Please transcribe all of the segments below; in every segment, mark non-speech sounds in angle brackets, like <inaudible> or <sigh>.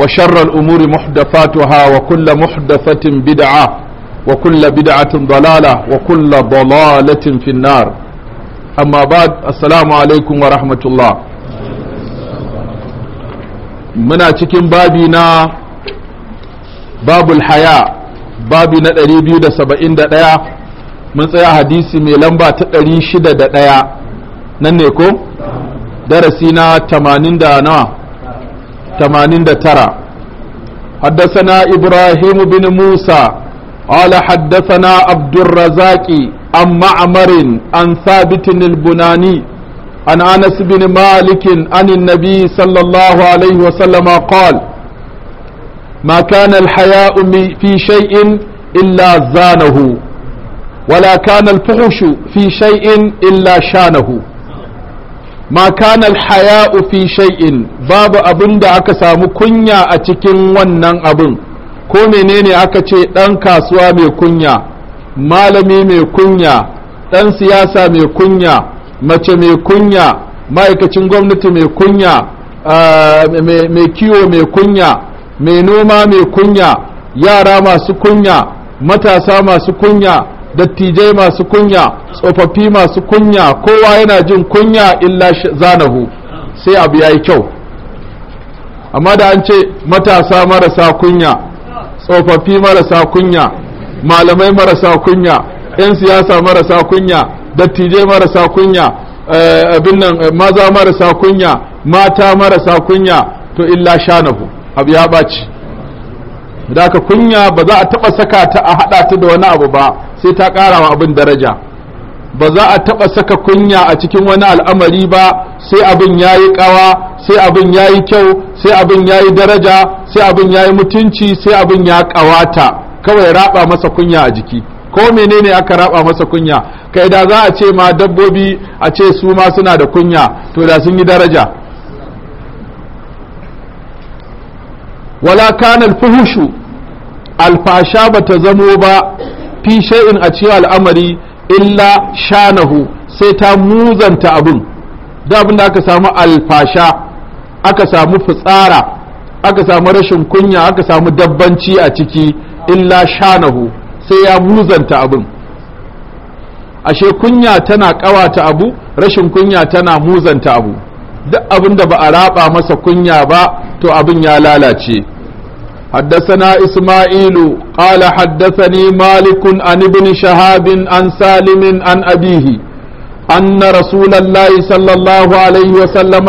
وشر الأمور محدثاتها وكل محدثة بدعة وكل بدعة ضلالة وكل ضلالة في النار أما بعد السلام عليكم ورحمة الله منا تكن بابنا باب الحياة بابنا الريبيو دا سبعين دا ديا من سيا حديثي مي لمبا تقري شدا دا ديا ننكو درسينا تمانين دا نوا دترا حدثنا إبراهيم بن موسى قال حدثنا عبد الرزاق عن معمر عن ثابت البناني عن أنس بن مالك عن النبي صلى الله عليه وسلم قال ما كان الحياء في شيء إلا زانه ولا كان الفحش في شيء إلا شانه ma kana alhaya'u fi shay'in babu abin da aka samu kunya a cikin wannan abun ko menene aka ce ɗan kasuwa mai kunya malami mai kunya ɗan siyasa mai kunya mace mai kunya ma'aikacin gwamnati mai kunya mai kiwo mai kunya mai noma mai kunya yara masu kunya matasa masu kunya dattijai masu kunya tsofaffi masu kunya kowa yana jin kunya illa zanahu sai abu ya yi kyau amma da an ce matasa marasa kunya tsofaffi marasa kunya malamai marasa kunya 'yan siyasa marasa kunya dattijai marasa kunya eh, abin nan eh, maza marasa kunya mata marasa kunya to illa shanahu abu ya ɓaci da aka kunya ba za a taɓa saka ta a haɗa ta da wani abu ba sai ta ƙara wa abin daraja ba za a taɓa saka kunya a cikin wani al'amari ba sai abin ya yi ƙawa sai abin ya yi kyau sai abin ya yi daraja sai abin ya yi mutunci sai abin ya ƙawata kawai raɓa masa kunya a jiki ko menene aka raba masa kunya kai da za a ce ma dabbobi a ce su ma suna da kunya to da sun yi daraja wala kana alfuhushu alfasha bata zamo ba fi shay'in a cewa al'amari illa shanahu sai ta muzanta abun. da abin da aka samu alfasha aka samu fitsara aka samu rashin kunya aka samu dabbanci a ciki illa shanahu sai ya muzanta abun. ashe kunya tana kawata abu rashin kunya tana muzanta abu duk abin da ba a raba masa kunya ba to abin ya lalace حدثنا إسماعيل قال حدثني مالك عن ابن شهاب عن سالم عن أبيه أن رسول الله صلى الله عليه وسلم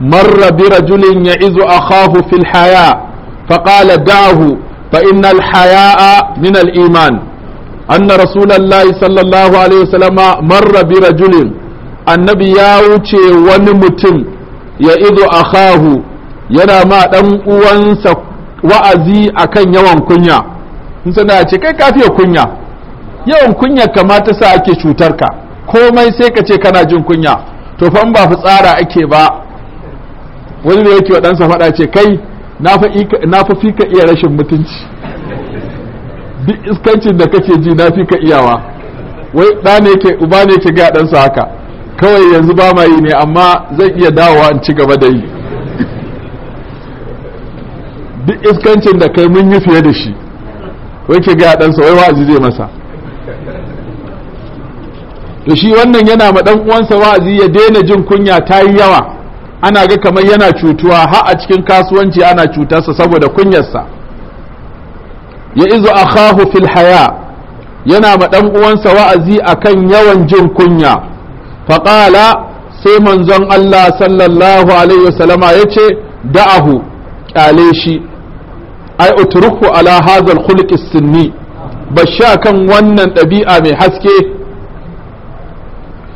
مر برجل يعز أخاه في الحياء فقال دعه فإن الحياء من الإيمان أن رسول الله صلى الله عليه وسلم مر برجل النبي ياوتي ونمتم يعز أخاه yana ma ɗan uwansa wa'azi akan yawan kunya in ya ce kai kafiya ya kunya yawan kunya kamata sa ake cutar ka komai sai ka ce kana jin kunya to fa in ba fitsara ake ba wani da yake waɗansa faɗa ce kai na fa fi ka iya rashin mutunci duk iskancin da kake ji na fi ka iyawa wai ɗa ne ke uba ke ga ɗansa haka kawai yanzu ba ma yi ne amma zai iya dawowa in ci gaba da yi duk iskancin da kai mun yi fiye da shi wai ke ga ɗansa wai wa'azi zai masa to shi wannan yana ma ɗan uwansa wa'azi ya daina jin kunya ta yi yawa ana ga kamar yana cutuwa har a cikin kasuwanci ana cutarsa saboda kunyarsa ya izo a fil haya yana ma ɗan uwansa wa'azi a kan yawan jin kunya faƙala sai manzon Allah sallallahu alaihi wasallama ya ce da'ahu ƙyale shi ai utruku ala hadhal khuluq sunni bashi kan wannan ɗabi'a mai haske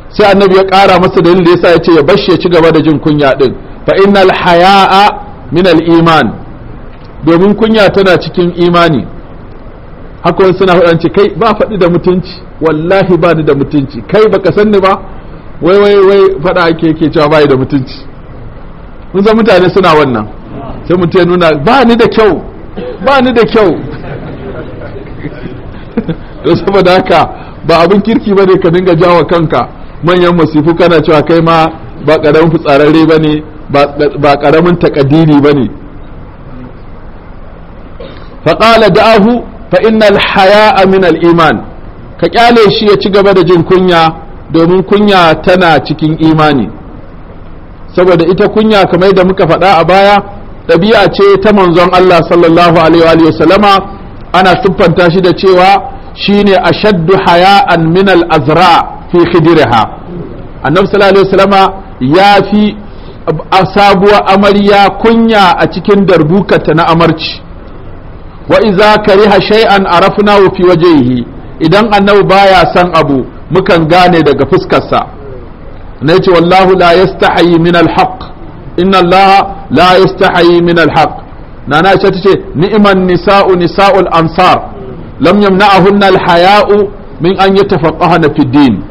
sai annabi ya ƙara masa dalil da yasa ya ce ya bashi ya ci gaba da jin kunya din fa innal haya'a min al iman domin kunya tana cikin imani haka wani suna faɗance kai ba faɗi da mutunci wallahi ba ni da mutunci kai baka sanni ba wai wai wai faɗa ake yake cewa bai da mutunci mun san mutane suna wannan sai mutum ya nuna ba ni da kyau ba ni da kyau da saboda haka ba abin kirki ba ne ka dinga jawa kanka manyan masifu kana cewa kai ma ba karamin fitsararre ba ne ba ƙaramin takadiri ba ne faƙala da'ahu fa innal haya'a min iman ka ƙyale shi ya ci gaba da jin kunya domin kunya tana cikin imani saboda ita kunya kamar da muka faɗa a baya ɗabi'a ce ta manzon Allah sallallahu alaihi wa sallama ana siffanta shi da cewa shine ashaddu haya'an min al-azra fi khidriha annabi sallallahu alaihi wa sallama ya fi sabuwar amarya kunya a cikin darbukata na amarci wa iza kariha shay'an arafnahu fi wajhihi idan annabi baya san abu mukan gane daga fuskarsa na wallahu la yastahi min al-haqq inna allaha la yastahi min alhaq nana aisha tace ni'man nisa'u nisa'ul ansar lam yamna'ahunna alhaya'u min an yatafaqahana fi din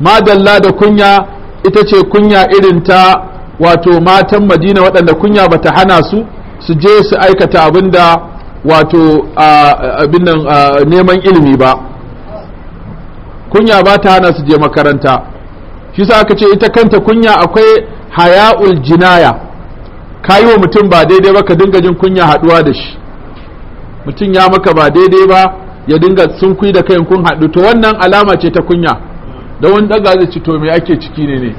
ma dalla da kunya ita ce kunya irin ta wato matan madina waɗanda kunya bata hana su su je su aikata abinda wato abin nan neman ilimi ba kunya bata hana su je makaranta shi sa aka ce ita kanta kunya akwai haya'ul jinaya ka yi wa mutum ba daidai ba ka dinga jin kunya haɗuwa da shi mutum ya maka ba daidai ba ya dinga sunkui da kai kun haɗu to wannan alama ce ta kunya da wani ɗaga zai ci to me ake ciki ne ne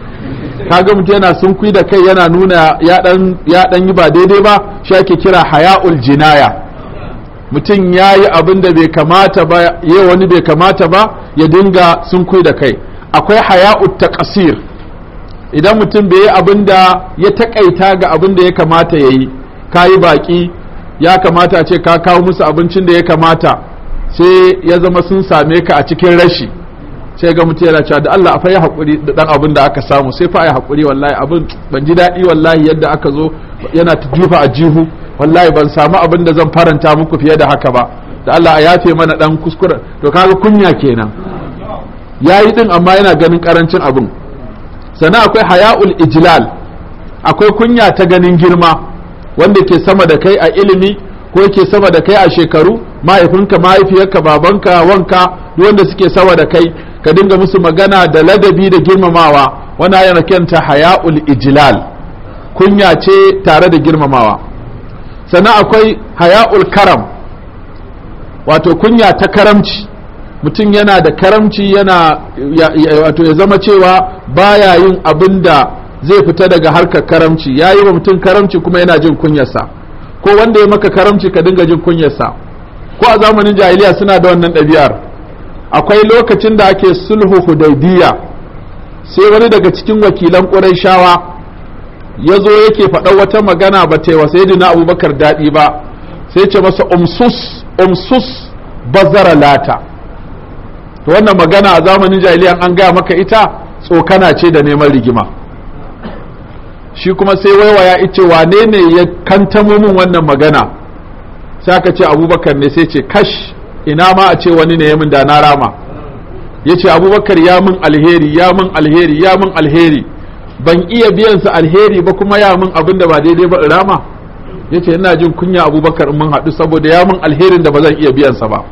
kaga mutum yana sunkui da kai yana nuna ya ɗan yi ba daidai ba shi ake kira haya'ul jinaya mutum ya yi abin da bai kamata ba ya wani bai kamata ba ya dinga sunkui da kai akwai haya'ul taqsir idan mutum bai yi abin da ya takaita ga abin da ya kamata ya yi ka yi baƙi ya kamata ce ka kawo musu abincin da ya kamata sai ya zama sun same ka a cikin rashi sai ga mutum yana cewa da Allah fa ya haƙuri da ɗan abin da aka samu sai fa ya haƙuri wallahi abin ban ji daɗi wallahi yadda aka zo yana ta jufa a jihu wallahi ban samu abin da zan faranta muku fiye da haka ba da Allah a yafe mana ɗan kuskuren to kaga kunya kenan yayi ɗin amma yana ganin karancin abin sannan akwai haya'ul ijlal akwai kunya ta ganin girma wanda ke sama da kai a ilimi ko yake sama da kai a shekaru mahaifinka mahaifiyarka babanka wanka duk wanda suke sama da kai ka dinga musu magana da ladabi da girmamawa wani yana kenta haya'ul ijlal kunya ce tare da girmamawa sannan akwai haya'ul karam wato kunya ta karamci mutum yana da karamci yana wato ya zama cewa baya yin abin da zai fita daga harkar karamci ya yi wa mutum karamci kuma yana jin kunyarsa ko wanda ya maka karamci ka dinga jin kunyarsa ko a zamanin jahiliya suna da wannan ɗabi'ar akwai lokacin da ake sulhu hudaybiya sai wani daga cikin wakilan ƙurayshawa ya zo yake faɗa wata magana ba ta yi wa dina abubakar daɗi ba sai ce masa umsus umsus bazara lata to wannan magana a zamanin jahiliyan an gaya maka ita tsokana ce da neman rigima shi kuma sai waiwaya ice wane ne ya kantamo min wannan magana sai aka ce abubakar ne sai ce kash ina ma a ce wani ne ya min da na rama ya ce abubakar ya min alheri ya min alheri ya min alheri ban iya biyan sa alheri ba kuma ya min abin da ba daidai ba rama ya ce ina jin kunya abubakar in mun haɗu saboda ya min alherin da ba zan iya biyan sa ba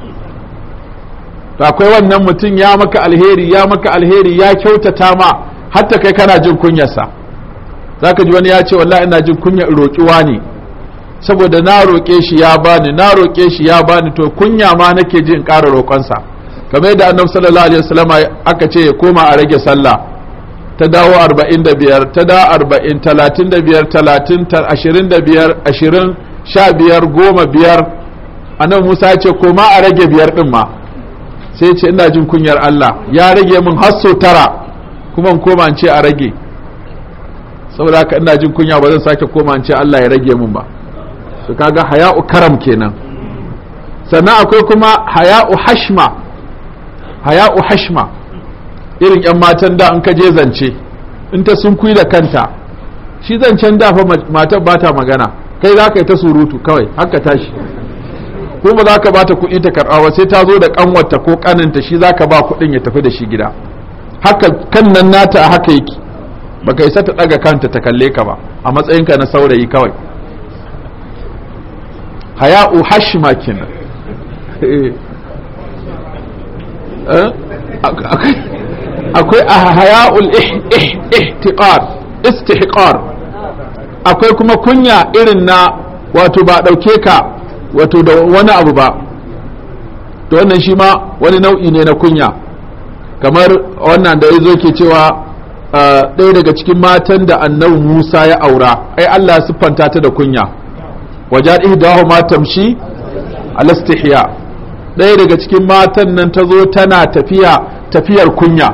to akwai wannan mutum ya maka alheri ya maka alheri ya kyautata ma hatta kai kana jin kunyarsa zaka ji wani ya ce wallahi ina jin kunya in roki wani saboda na roƙe shi ya bani na roƙe shi ya bani to kunya ma nake ji in ƙara roƙonsa kamar yadda annabi sallallahu alaihi wasallam aka ce ya koma a rage sallah ta dawo 45 ta dawo 40 35 30 25 goma 15 15 annabi Musa ya ce koma a rage biyar din ma sai ce ina jin kunyar Allah ya rage min har sau tara kuma in koma ce a rage saboda haka ina jin kunya ba zan sake koma ce Allah ya rage min ba su kaga haya'u karam kenan sannan akwai kuma haya'u hashma haya'u hashma irin yan matan da in ka je zance in ta sun da kanta shi zancen da fa matar ba ta magana kai za ka yi ta surutu kawai haka tashi ko ba za ka ba ta kuɗi ta karɓa ba sai ta zo da ƙanwarta ko ƙaninta shi za ka ba kuɗin ya tafi da shi gida haka kan nan nata haka yake ka isa ta ɗaga kanta ta kalle ka ba a matsayinka na saurayi kawai haya'u hashima kenan eh? Eh? akwai a haya'ul istihqar akwai kuma kunya irin na wato ba ɗauke ka wato da wani abu ba to wannan shi ma wani nau'i ne na kunya kamar wannan da ya zo ke cewa ah, ɗaya daga cikin matan da annabi Musa ya aura ai Allah ya siffanta ta da kunya wajen ihdahu ma tamshi alastihya ɗaya daga cikin matan nan ta zo tana tafiya tafiyar kunya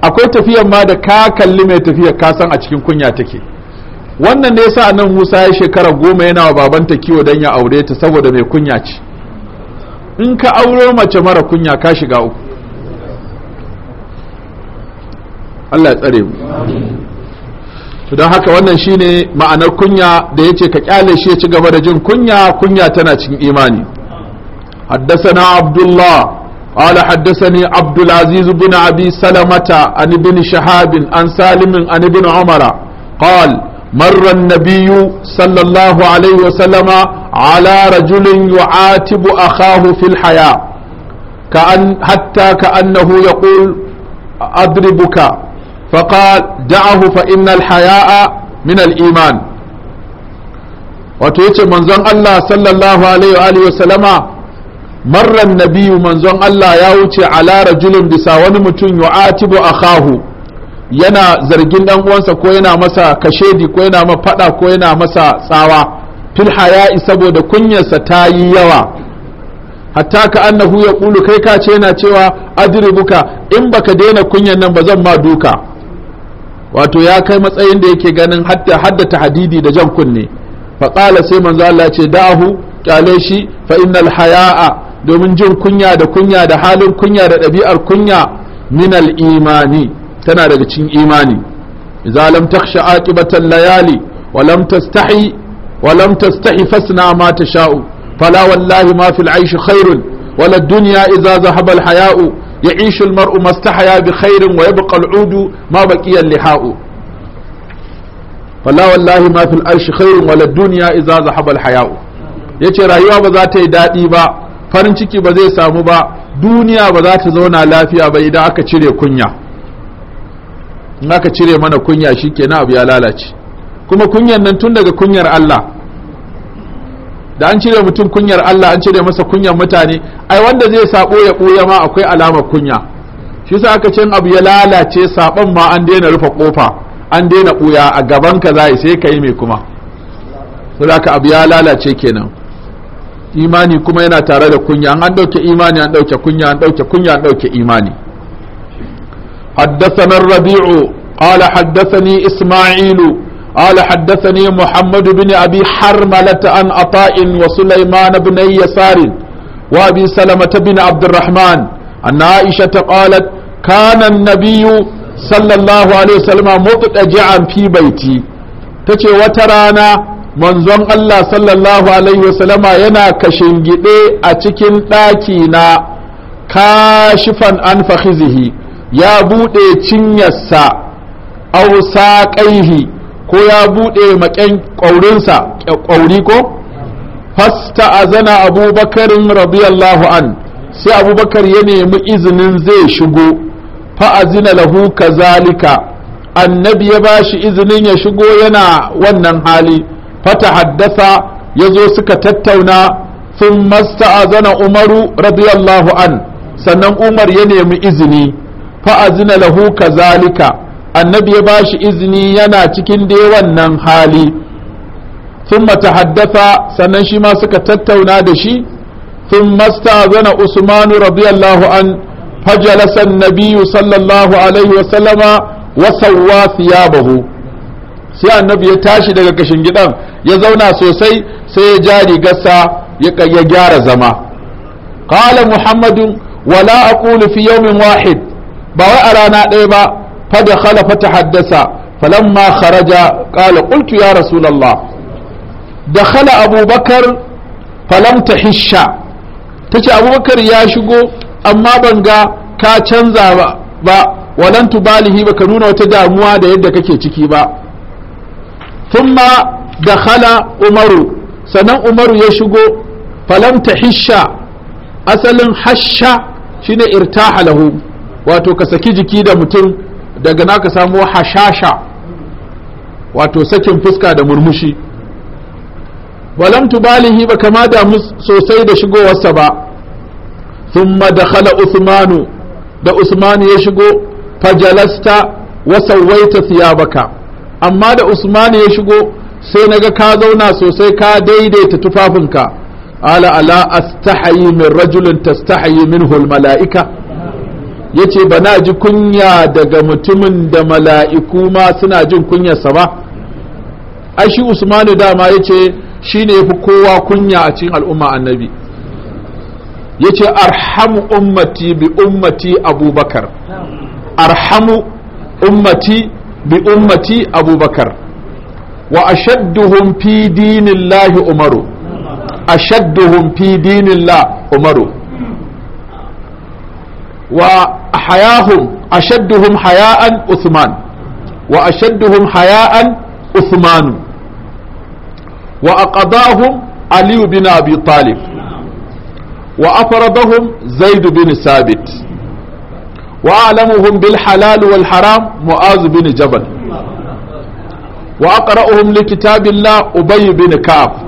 akwai tafiyar ma da ka kalli mai tafiyar kasan a cikin kunya take wannan ne yasa nan Musa ya shekara goma yana wa babanta kiwo dan ya aure ta saboda mai kunya ce in ka auro mace mara kunya ka shiga uku Allah ya tsare mu to don haka wannan shine ma'anar kunya da yace ka kyale shi ya ci gaba da jin kunya kunya tana cikin imani حدثنا عبد الله قال حدثني عبد العزيز بن أبي سلمة عن ابن شهاب عن سالم عن ابن عمر قال مر النبي صلى الله عليه وسلم على رجل يعاتب أخاه في الحياة كأن حتى كأنه يقول أضربك فقال دعه فإن الحياء من الإيمان wato yace manzon Allah sallallahu alaihi wa sallama marran nabiyu manzon Allah ya wuce ala rajulin bisa wani mutum yu'atibu akhahu yana zargin ɗan uwansa ko yana masa kashedi ko yana masa fada ko yana masa tsawa fil haya'i saboda kunyarsa ta yi yawa hatta ka annahu ya kulu kai ka ce yana cewa adribuka in baka daina kunyan nan ba zan ma duka wato ya kai matsayin da yake ganin hadda haddata hadidi da jan kunne fa qala sai manzo Allah ce da'ahu kyale shi fa innal haya'a domin jin kunya da kunya da halin kunya da ɗabi'ar kunya minal imani tana daga cikin imani idza lam takhsha aqibatan layali wa lam tastahi wa lam tastahi fasna ma tasha'u fala wallahi ma fil aish khairun wala dunya idza zahaba al haya'u يعيش المرء ما استحيا بخير ويبقى العود ما بقي اللحاء فلا والله ما في الأرش خير ولا الدنيا إذا ذهب haya'u. yace rayuwa ba za ta yi dadi ba farin ciki ba zai samu ba duniya ba za ta zauna lafiya ba idan aka cire kunya naka cire mana kunya shi na abu ya lalace kuma kunyar nan tun daga kunyar Allah da an cire mutum kunyar Allah an cire masa kunyar mutane ai wanda zai sabo ya ɓoye ma akwai alamar kunya shi sa aka ce abu ya lalace sabon ma an daina rufe kofa an daina ɓuya a gaban ka zai sai ka yi mai kuma saboda abu ya lalace kenan imani kuma yana tare da kunya an ɗauke imani an ɗauke kunya an ɗauke kunya an ɗauke imani حدثنا الربيع قال حدثني إسماعيل قال حدثني محمد بن أبي حرملة عن عطاء وسليمان بن يسار وأبي سلمة بن عبد الرحمن أن عائشة قالت كان النبي صلى الله عليه وسلم مضطجعا في بيتي تشي وترانا manzon Allah sallallahu alaihi wasallama yana kashingiɗe a cikin ɗaki na kashifan an fahizihi ya buɗe cinyarsa au saƙaihi ko ya buɗe maƙen ƙaurinsa ƙauri ko fasta azana abubakarin radiyallahu an sai abubakar ya nemi izinin zai shigo fa'azina lahu kazalika annabi ya bashi izinin ya shigo yana wannan hali fata haddasa ya zo suka tattauna sun masta azana umaru radiyallahu an sannan umar ya nemi izini fa'azina lahu kazalika annabi ya bashi izini yana cikin dai wannan hali mata haddasa sannan shi ma suka tattauna da shi thumma sta'zana usman radiyallahu an fajalasa an-nabiy sallallahu alaihi wa sallama wa sai annabi ya tashi daga kashin gidan ya zauna sosai sai ya ja rigarsa ya gyara zama qala muhammadun wala aqulu fi yawmin wahid ba wai a rana ɗaya ba fa da khala fa tahaddasa falamma kharaja qala qultu ya rasulullah khala abubakar falam tahisha tace abubakar ya shigo amma ban ga ka canza ba ba walan tubalihi ka nuna wata damuwa da yadda kake ciki ba thumma dakhala umaru sannan umaru ya shigo falam tahisha asalin hasha shine irtaha lahu wato ka saki jiki da mutum daga na ka samu hashasha wato sakin fuska da murmushi walam tubalihi ba kama damu sosai da shigowarsa ba thumma dakhala usmanu da Usmanu ya shigo fajalasta wa siya baka? amma da Usmanu ya shigo sai naga ka zauna sosai ka daidaita tufafinka ala ala astahayi min rajulin tastahayi minhu al mala'ika yace bana ji kunya daga mutumin da mala'iku ma suna jin kunyarsa ba ai shi usmanu dama yace shine yafi kowa kunya a cikin al'umma annabi yace arhamu ummati bi ummati abubakar arhamu ummati bi ummati abubakar wa ashadduhum fi dinillahi umaru ashadduhum fi umaru wa hayahum ashadduhum haya'an Uthman wa ashadduhum haya'an Uthmanu wa aqadahum Ali bin Abi Talib wa afradahum Zaidu bin Sabit wa a'lamuhum bil halal wal haram Mu'azu bin Jabal wa aqra'uhum likita biLla Ubayyu bin Ka'ab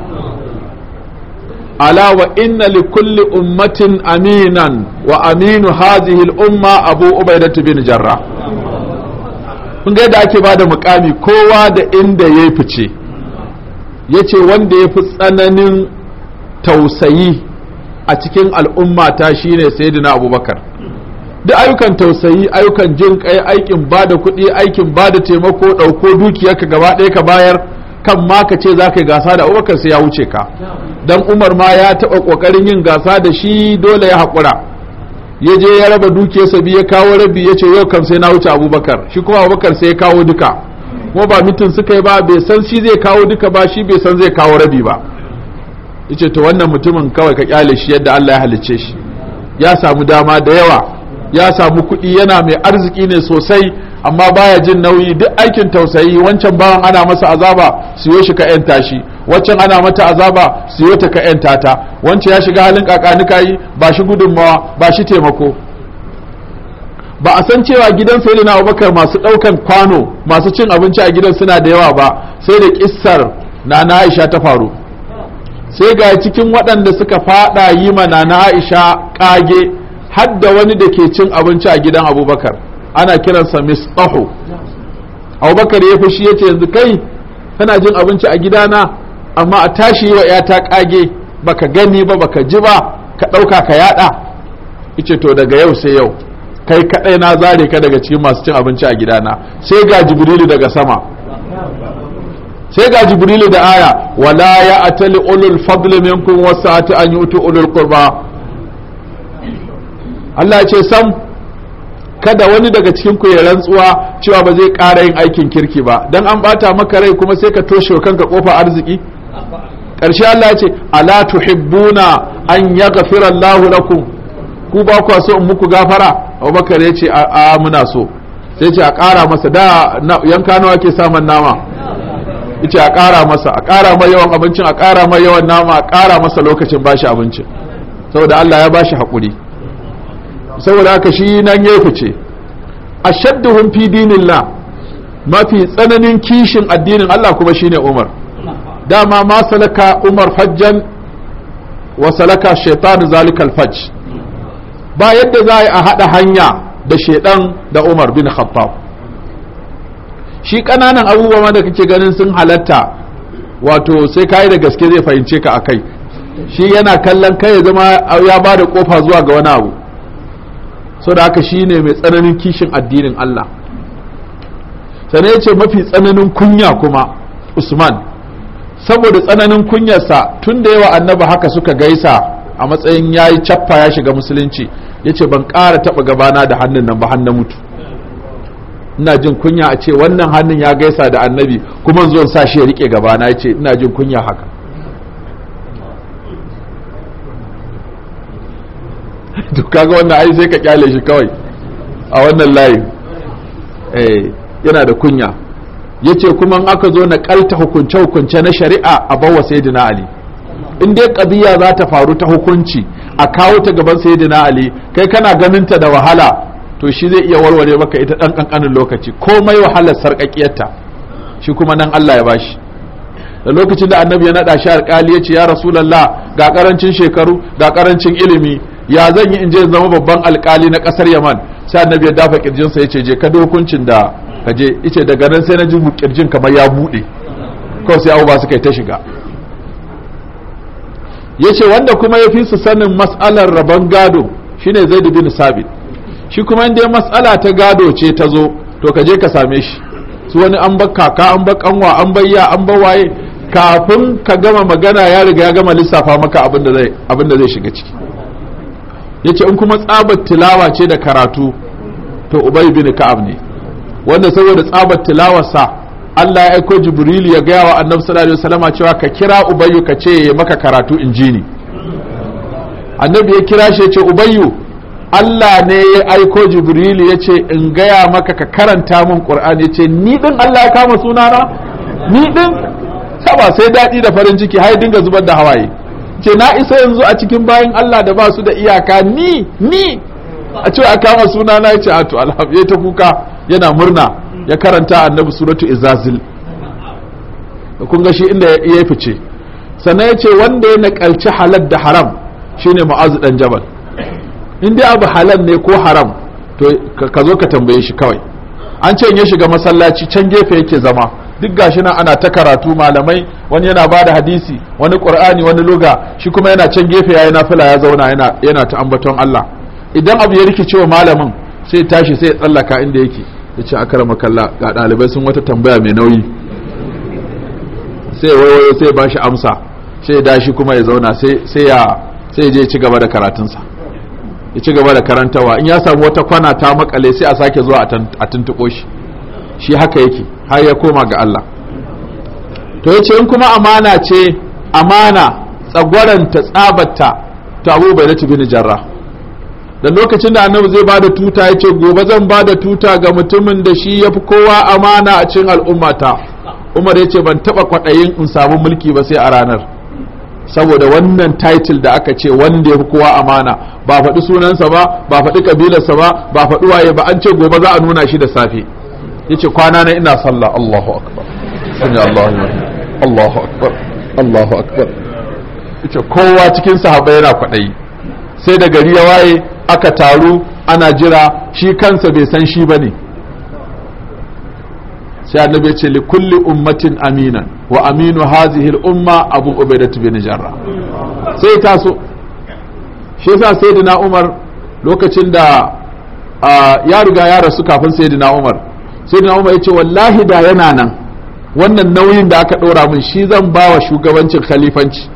ala wa inna li kulli ummatin aminan wa aminu hadhihi al-umma abu bin Jarra. kun ga yadda ake bada mukami kowa da inda ya fice yace wanda ya fi tsananin tausayi a cikin al'umma ta shine sayyidina abubakar duk ayyukan tausayi ayyukan jin kai aikin bada kuɗi aikin bada taimako ɗauko dukiyarka gaba ɗaya ka bayar kan ma ka ce za ka yi gasa da abubakar sai ya wuce ka dan umar ma ya taɓa ƙoƙarin yin gasa da shi dole ya haƙura ya je ya raba dukiyarsa biyu ya kawo rabi ya ce yau kam sai na wuce abubakar shi kuma abubakar sai ya kawo duka kuma ba mitin suka yi ba bai san shi zai kawo duka ba shi bai san zai kawo rabi ba yace to wannan mutumin kawai ka kyale shi yadda Allah ya halicce shi ya samu dama da yawa ya samu kuɗi yana mai arziki ne sosai amma baya jin nauyi duk aikin tausayi wancan bawan ana masa azaba siyo shi ka yanta shi waccan ana mata azaba siyo ta ka yanta ta wancan ya shiga halin kakanika yi ba shi gudunmawa ba shi taimako ba a san cewa gidan sai na abubakar masu ɗaukan kwano masu cin abinci a gidan suna da yawa ba sai da kissar nana aisha ta faru sai ga cikin waɗanda suka fada yi ma na aisha kage hadda wani da ke cin abinci a gidan abubakar ana kiransa misbahu abubakar ya fushi ya ce yanzu kai kana jin abinci a gidana amma a tashi yi wa ya ta kage baka gani ba baka ji ba ka ɗauka ka yaɗa ice to daga yau sai yau kai kaɗai na zare ka daga cikin masu cin abinci a gidana sai ga jibrilu daga sama sai ga jibrilu da aya wala ya atali ulul fadl minkum wasa'ati an yutu ulul qurba Allah ya ce sam kada wani daga cikin ku ya rantsuwa cewa ba zai ƙara yin aikin kirki ba dan an bata maka rai kuma sai ka toshe kanka kofa arziki Karshe Allah ya ce ala tuhibbuna an yaghfira Allahu lakum ku ba ku so in muku gafara Abubakar ya ce a muna so sai ce a ƙara masa da yanka nawa ke samun nama yace a ƙara masa a ƙara mai yawan abincin a ƙara mai yawan nama a ƙara masa lokacin bashi abincin saboda Allah ya bashi haƙuri saboda haka shi nan ya fice ashadduhum fi dinillah mafi tsananin kishin addinin Allah kuma shine Umar dama ma salaka Umar fajjan wa salaka shaitan zalikal fajj ba yadda za a haɗa hanya da shaidan da Umar bin Khattab shi ƙananan abubuwa ma da kake ganin sun halatta wato sai kayi da gaske zai fahimce ka akai shi yana kallon kai ya zama ya ba da kofa zuwa ga wani abu so da haka shine mai tsananin kishin addinin Allah sannan ya ce mafi tsananin kunya kuma usman saboda tsananin kunyarsa tun da yawa annaba haka suka gaisa a matsayin ya yi cappa ya shiga musulunci ya ce ban ƙara taɓa gabana da hannun nan ba hannun mutu ina jin kunya a ce wannan hannun ya gaisa da annabi kuma zuwan sa shi ya riƙe gabana ya ce ina jin kunya haka to kaga wannan ai sai ka kyale shi kawai a wannan layin eh yana da kunya yace kuma in aka zo na kalta hukunce hukunce na shari'a a bawa sayyidina ali in dai qadiya za ta faru ta hukunci a kawo ta gaban sayyidina ali kai kana ganin ta da wahala to shi zai iya warware maka ita dan kankanin lokaci komai wahalar sarkakiyarta shi kuma nan Allah ya bashi da lokacin da annabi ya nada shi alƙali ya ce ya rasulallah ga karancin shekaru ga karancin ilimi ya zan yi in je zama babban alkali na kasar yaman sai annabi ya dafa kirjinsa ya ce je ka hukuncin da ka je ice daga nan sai na ji kirjin kamar ya bude kawai sai abubuwa suka yi ta shiga yace wanda kuma ya fi su sanin mas'alar rabon gado shine zaid bin sabit shi kuma inda mas'ala ta gado ce ta zo to ka je ka same shi su wani an bar kaka an bar kanwa an bar ya an bar waye kafin ka gama magana ya riga ya gama lissafa maka abin da zai shiga ciki yace in kuma tsabar tilawa ce da karatu to ubay bin ka'ab ne wanda saboda tsabar tilawarsa Allah ya aiko Jibrilu ya gaya wa Annabi sallallahu alaihi wasallam cewa ka kira Ubayyu ka ce ya maka karatu injini Annabi ya kira shi ya ce Ubayyu Allah ne ya aiko Jibrilu ya ce in gaya maka ka karanta min Qur'ani ya ce ni din Allah ya kama sunana ni din saba sai daɗi da farin ciki har dinga zubar da hawaye ce na isa yanzu a cikin bayan Allah da ba su da iyaka ni ni a ce a kama suna na ce a to alhamdu ta kuka yana murna ya karanta annabi suratu izazil kun ga shi inda ya fice sannan ya ce wanda ya nakalci halal da haram shine ma'azu dan jabal in dai abu halal ne ko haram to ka zo ka tambaye shi kawai an ce ya shiga masallaci can gefe yake zama duk gashi nan ana ta karatu malamai wani yana ba da hadisi wani qur'ani wani luga shi kuma yana can gefe yayi nafila ya zauna yana yana ta ambaton Allah idan abu ya rikice wa malamin sai tashi sai ya tsallaka inda yake ya ce kalla ga ɗalibai sun wata tambaya mai nauyi sai wayo sai ba shi amsa sai da shi kuma ya zauna sai ya sai je ci gaba da karatunsa ya ci gaba da karantawa in ya samu wata kwana ta makale sai a sake zuwa a tuntuɓo shi shi haka yake har ya koma ga Allah to yace in kuma amana ce amana tsagwaranta tsabarta ta Abu Ubaidatu bin jarra. da lokacin da annabi zai bada tuta ya ce gobe zan bada tuta ga mutumin da shi ya fi kowa amana a cikin al'ummata umar ya ce ban taba kwaɗayin in samu mulki ba sai a ranar saboda wannan title da aka ce wanda ya fi kowa amana ba faɗi sunansa ba ba faɗi kabilarsa ba ba faɗi waye ba an ce gobe za a nuna shi da safe yace kwana na ina sallah Allahu akbar sami Allahu Allahu akbar Allahu akbar yace kowa cikin sahaba yana kwadai sai da gari ya waye aka taru ana jira shi kansa bai san shi bane sai annabi ce li kulli ummatin aminan wa aminu hazihi al-umma abu ubaidah bin jarrah sai taso shi yasa sayyidina umar lokacin da ya riga ya rasu kafin sayyidina umar sai da umar ya ce wallahi da yana nan wannan nauyin da aka ɗora min shi zan ba wa shugabancin khalifanci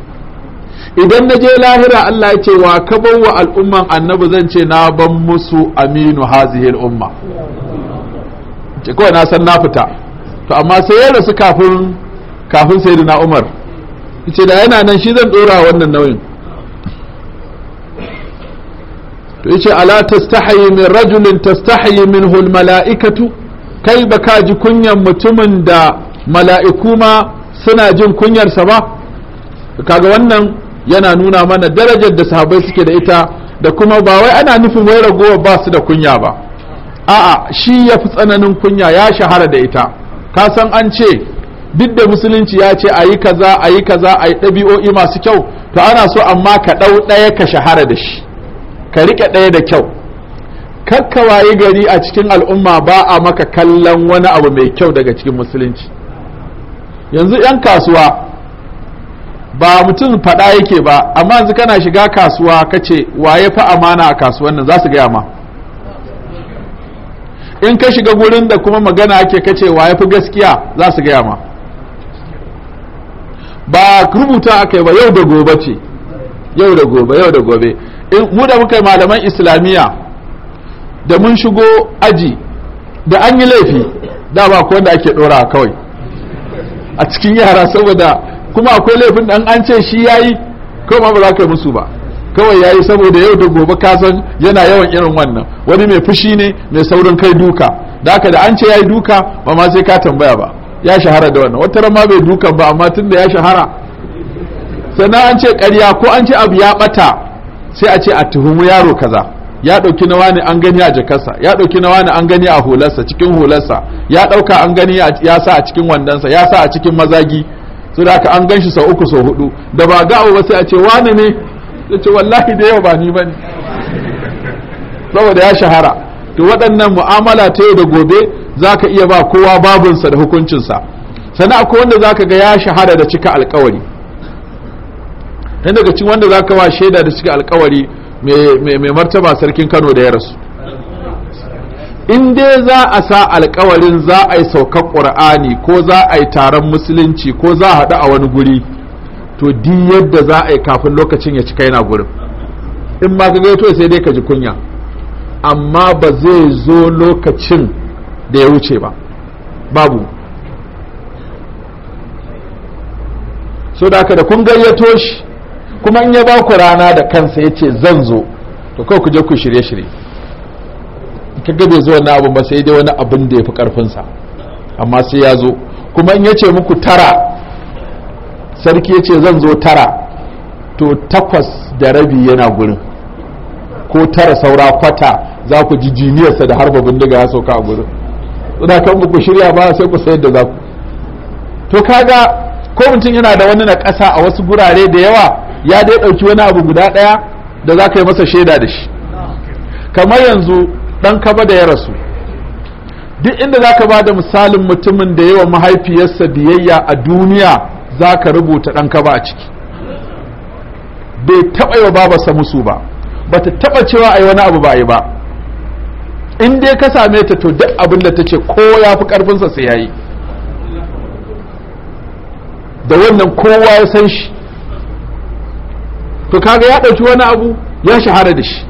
idan na je lahira Allah ya ce wa ka ban wa al'umman annabi zan ce na ban musu aminu hazihil umma ce kawai na san na fita to amma sai ya rasu kafin kafin sayyidina umar ce da yana nan shi zan ɗora wannan nauyin to yace ala tastahi min rajulin tastahi minhu al mala'ikatu kai ba ka ji kunyan mutumin da mala'iku ma suna jin kunyarsa ba kaga wannan yana nuna mana darajar da sahabai suke da ita da kuma ba wai ana nufin wai ragowar ba su da kunya ba a'a shi ya fi tsananin kunya ya shahara da ita ka san an ce duk da musulunci ya ce a yi kaza a yi kaza a yi ɗabi'o'i masu kyau to ana so amma ka ɗau ɗaya ka shahara da shi ka riƙe ɗaya da kyau kakkawaye gari a cikin al'umma ba a maka kallon wani abu mai kyau daga cikin musulunci yanzu 'yan kasuwa ba mutum faɗa yake ba amma yanzu kana shiga kasuwa kace waye fa amana a kasuwan nan za su gaya ma in ka shiga gurin da kuma magana ake kace waye fi gaskiya za su gaya ma ba rubuta aka yi ba yau da gobe ce yau da gobe yau da gobe mu da muka yi malaman islamiyya da mun shigo aji da an yi laifi da ba ko wanda ake dora kawai a cikin yara saboda kuma akwai laifin da an ce shi yayi kawai ba za ka musu ba kawai yayi saboda yau da gobe ka san yana yawan irin wannan wani mai fushi ne mai saurin kai duka da aka da an ce yayi duka ba ma sai ka tambaya ba ya shahara da wannan wata ma bai duka ba amma tun da ya shahara sannan an ce ƙarya ko an ce abu ya bata sai a ce a tuhumi yaro kaza ya ɗauki na wani an gani a jakarsa ya ɗauki na wani an gani a hularsa cikin hularsa ya ɗauka an gani ya sa a cikin wandansa ya sa a cikin mazagi su da an gan shi sau uku sau hudu da ba ga ba sai a ce wani ne ya ce wallahi da yau ba ni bane saboda ya shahara to waɗannan mu'amala ta yau da gobe za ka iya ba kowa babinsa da hukuncinsa sannan akwai wanda za ka ga ya shahara da cika alkawari dan daga cikin wanda za ka ba shaida da cika alkawari mai martaba sarkin kano da ya rasu in dai za a sa alkawarin za a yi saukar ƙur'ani ko za a yi taron musulunci ko za a haɗu a wani guri to di yadda za a yi kafin lokacin ya cika yana gurin in ma to sai dai ka ji kunya amma ba zai zo lokacin da ya wuce ba babu so da da kun gayyato shi kuma in ya ba ku rana da kansa ya ce zan zo to kawai ku je ku shirye-shirye ka gabe zo na abu ba sai dai wani abin da ya fi karfinsa amma sai ya zo kuma in ya ce muku tara sarki ya ce zan zo tara to takwas da rabi yana gurin ko tara saura kwata za ku ji jiniyarsa da harba bindiga ya sauka a gurin suna kan ku shirya ba sai ku sayar da za ku to kaga ko mutum yana da wani na ƙasa a wasu gurare da yawa ya dai ɗauki wani abu guda ɗaya da za ka yi masa shaida da shi kamar yanzu ɗan kaba da ya rasu duk inda za ka ba da misalin mutumin da yawa mahaifiyarsa biyayya a duniya za ka rubuta ɗan kaba a ciki bai taɓa yi wa babarsa musu ba ba ta taɓa cewa a yi wani abu ba yi ba in dai ka same ta to duk abin da ta ce ko ya fi ƙarfinsa sai ya yi da wannan kowa ya san shi to kaga ya ɗauki wani abu ya shahara da shi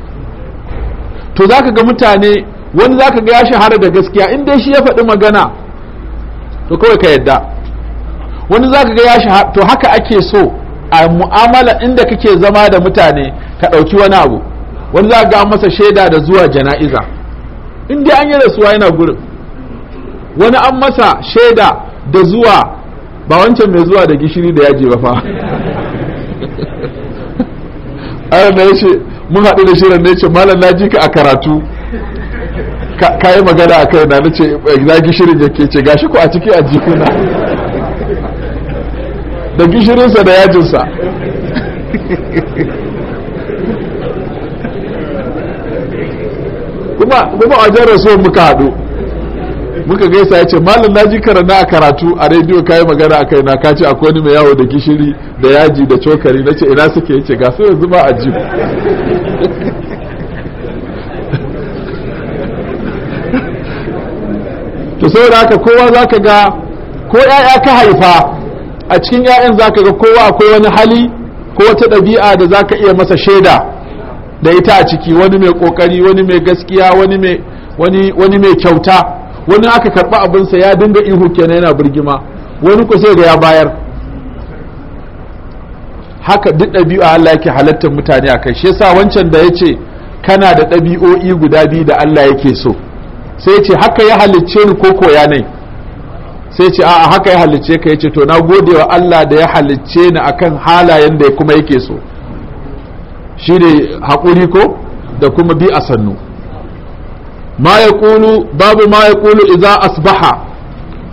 to zaka ga mutane wani zaka ga ya shahara da gaskiya in dai shi ya faɗi magana to kawai ka yadda wani zaka ga ya shahara to haka ake so a mu'amala inda kake zama da mutane ka ɗauki wani abu wani za ga masa shaida da zuwa jana'iza in dai an yi rasuwa yana gurin wani an masa shaida da zuwa ba wancan mai zuwa da gishiri da yaji ba fa ayar da yace mun haɗu da shirin da ce malam na ji ka a karatu ka yi magana a kai na nace na gishirin ke ce gashi ko a ciki a jikuna da gishirinsa da yajinsa kuma kuma a wajen rasuwar muka haɗu muka gaisa ya ce malam na ji karana a karatu a rediyo ka yi magana a kaina ka ce akwai wani mai yawo da gishiri da yaji da cokari na ce ina suke yace ga su yanzu ba a ji <laughs> to da haka kowa ka ga ko yaya ka haifa a cikin yayan za ka ga kowa akwai wani hali ko wata ɗabi'a da za ka iya masa shaida da ita a ciki wani mai kokari wani mai gaskiya wani mai kyauta wani aka karɓa abinsa ya dinga ihu kenan yana birgima wani ku sai da ya bayar haka duk ɗabi'a Allah yake halattar mutane a kai shi yasa wancan da yace kana da ɗabi'o'i guda biyu da Allah yake so sai ce haka ya halicce ni ko koya nai sai ce a'a haka ya halicce ka yace to na gode wa Allah da ya halicce ni akan halayen da kuma yake so shine hakuri ko da kuma bi a sannu ma kulu babu ma ya kulu iza asbaha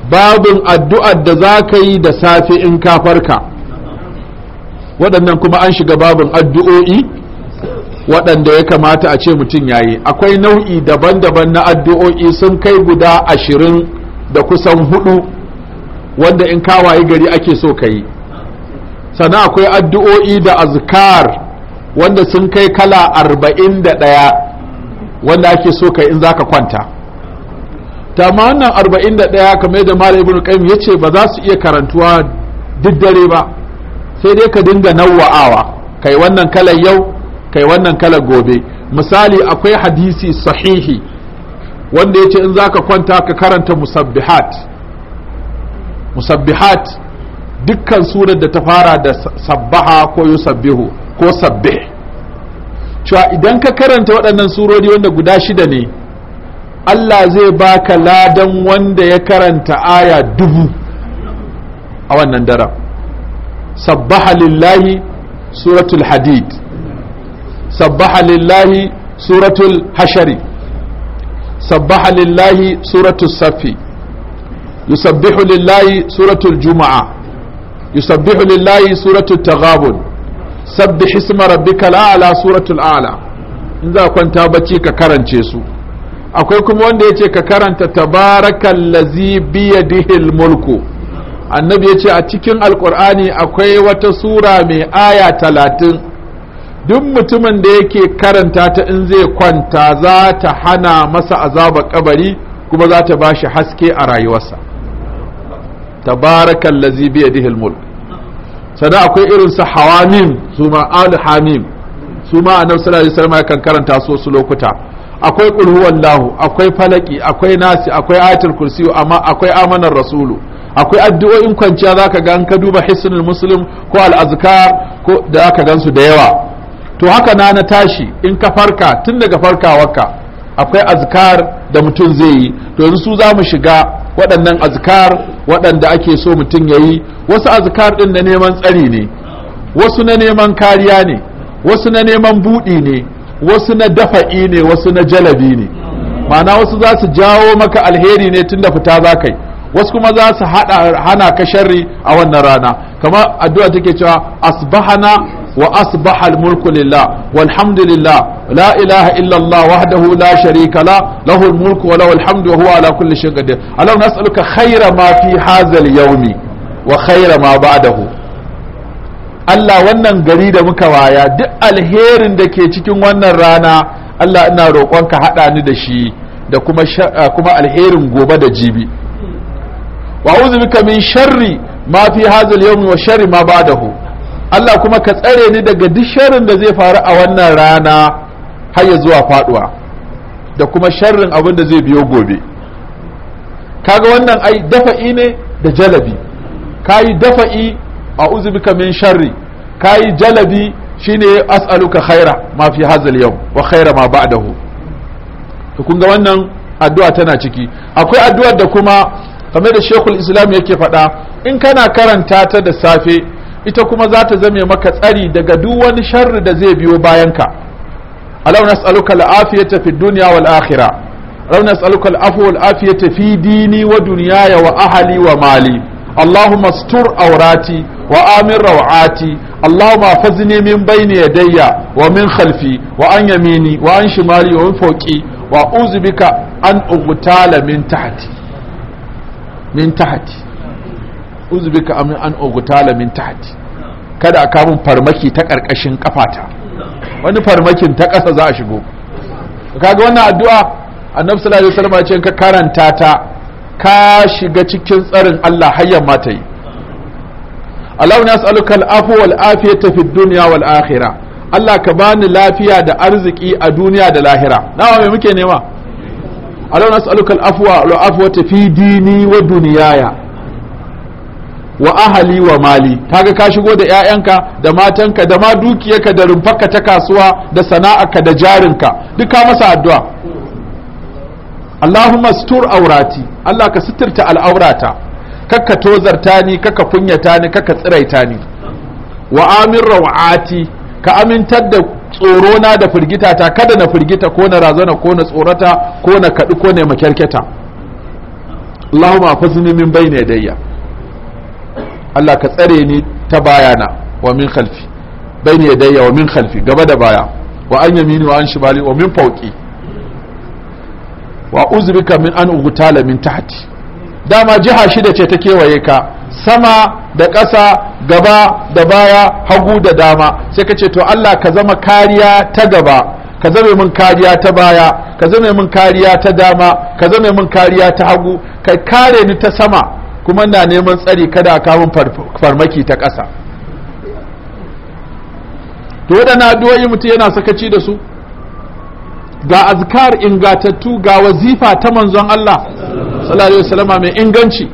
babun addu'ar da za ka yi da safe in ka farka waɗannan kuma an shiga babin addu'o'i waɗanda ya kamata a ce mutum ya yi akwai nau'i daban-daban na addu'o'i sun kai guda ashirin da kusan hudu wanda in kawaye gari ake so ka yi sannan akwai addu'o'i da azkar wanda sun kai kala arba'in da ɗaya wanda ake so kai in zaka kwanta ta ma wannan 41 kamar da malam ibnu qayyim yace ba za su iya karantuwa duk dare ba sai dai ka dinga nawwa'awa kai wannan kalar yau kai wannan kala gobe misali akwai hadisi sahihi wanda yace in zaka kwanta ka karanta musabbihat musabbihat dukkan surar da ta fara da sabbaha ko yusabbihu ko sabbih cewa idan ka karanta waɗannan surori wanda guda shida ne Allah zai baka ladan wanda ya karanta aya dubu a wannan dara sabbaha lillahi suratul hadid sabbaha lillahi suratul hashari sabbaha lillahi suratul safi yusabbihu lillahi suratul juma'a yusabbihu lillahi suratul taghabun sabbih isma rabbikal a'la suratul a'la in za kwanta bacci ka karance su akwai kuma wanda yace ka karanta tabarakal lazi biyadihil mulku annabi yace a cikin alkur'ani akwai wata sura mai aya talatin duk mutumin da yake karanta ta in zai kwanta za ta hana masa azabar kabari kuma za ta bashi haske a rayuwarsa tabarakal lazi biyadihil mulku sannan akwai irin su Hawamim su ma hamim su ma annabi sallallahu alaihi wasallam kan karanta su wasu lokuta akwai qul akwai falaki akwai nasi akwai ayatul kursi amma akwai amanar rasulu akwai addu'o'in kwanciya zaka ga an ka duba hisnul muslim ko al azkar ko da zaka gansu da yawa to haka na na tashi in ka farka tun daga farkawarka akwai azkar da mutum zai yi to yanzu su za mu shiga waɗannan azkar waɗanda ake so mutum ya yi wasu azkar ɗin na neman tsari ne wasu na neman kariya ne wasu na neman buɗi ne wasu na dafa'i ne wasu na jalabi ne ma'ana wasu za su jawo maka alheri ne tun da fita za kai wasu kuma za su hana ka sharri a wannan rana kamar addu'a take cewa asbahana wa asbaha al-mulku lillah walhamdulillah la ilaha illa Allah wahdahu la sharika la lahu al-mulku wa lahu al-hamdu wa huwa ala kulli shay'in qadir ma fi hadha al-yawmi wa khayra ma ba'dahu Allah wannan gari da muka waya duk alherin da ke cikin wannan rana Allah ina ka haɗa ni da shi da kuma alherin gobe da jibi wa a'udhu bika min sharri ma fi hadha al-yawmi wa sharri ma ba'dahu Allah kuma ka tsare ni daga duk sharrin da zai faru a wannan rana har ya zuwa faduwa da kuma sharrin abin da zai biyo gobe kaga wannan ai dafa'i ne da jalabi kayi dafa'i a uzubika min sharri kayi jalabi shine as'aluka khaira ma fi hazal yau wa khaira ma ba'dahu to kun ga wannan addu'a tana ciki akwai addu'ar da kuma kamar da Sheikhul Islam yake faɗa in kana karanta ta da safe ita kuma za ta zame maka tsari daga duk wani sharri da zai biyo bayanka alau nas'aluka al'afiyata fid dunya wal akhirah alau nas'aluka al'afwa wal afiyata fi dini wa dunyaya wa ahli wa mali اللهم استر عوراتي وآمن روعاتي اللهم احفظني من بين يدي ومن خلفي وعن يميني وعن شمالي ومن فوقي وأعوذ بك أن أغتال من تحتي من تحتي uzbika amin an ogutala min tahti kada ka mun farmaki ta karkashin kafata wani farmakin ta kasa za a shigo kaga wannan addu'a annabi sallallahu alaihi wasallam ya ce ka karanta ta ka shiga cikin tsarin Allah hayyan ma ta yi Allahu nas'aluka al'afu wal afiyata fid dunya wal akhirah Allah ka bani lafiya da arziki a duniya da lahira nawa me muke nema Allahu nas'aluka al'afwa wal afwata fi dini wa dunyaya wa ahali wa mali kaga ka shigo da ƴaƴanka da matanka da ma dukiyarka da rumfarka ta kasuwa da sana'arka da jarinka duk ka masa addu'a Allahumma stur aurati Allah ka suturta al'aurata kakka tozarta ni kakka kunyata ni kakka tsiraita ni wa amin rawati ka amintar da tsoro na da firgita ta kada na firgita ko na razana ko na tsorata ko na kadu ko na makyarketa Allahumma fazni min bayna yadayya Allah ka tsare ni ta bayana wa min khalfi bayni yadayya wa min khalfi gaba da baya wa an yamini wa an shibali wa min fawqi wa uzbika min an ugtala min tahti dama jiha shida ce ta kewaye ka sama da ƙasa gaba da baya hagu da dama sai ka ce to Allah ka zama kariya ta gaba ka zame min kariya ta baya ka zame min kariya ta dama ka zame min kariya ta hagu ka kare ni ta sama kuma na neman tsari kada kamun farmaki ta ƙasa to waɗannan addu'o'i mutum yana sakaci da su ga azkar ingatattu ga wazifa ta manzon Allah sallallahu alaihi mai inganci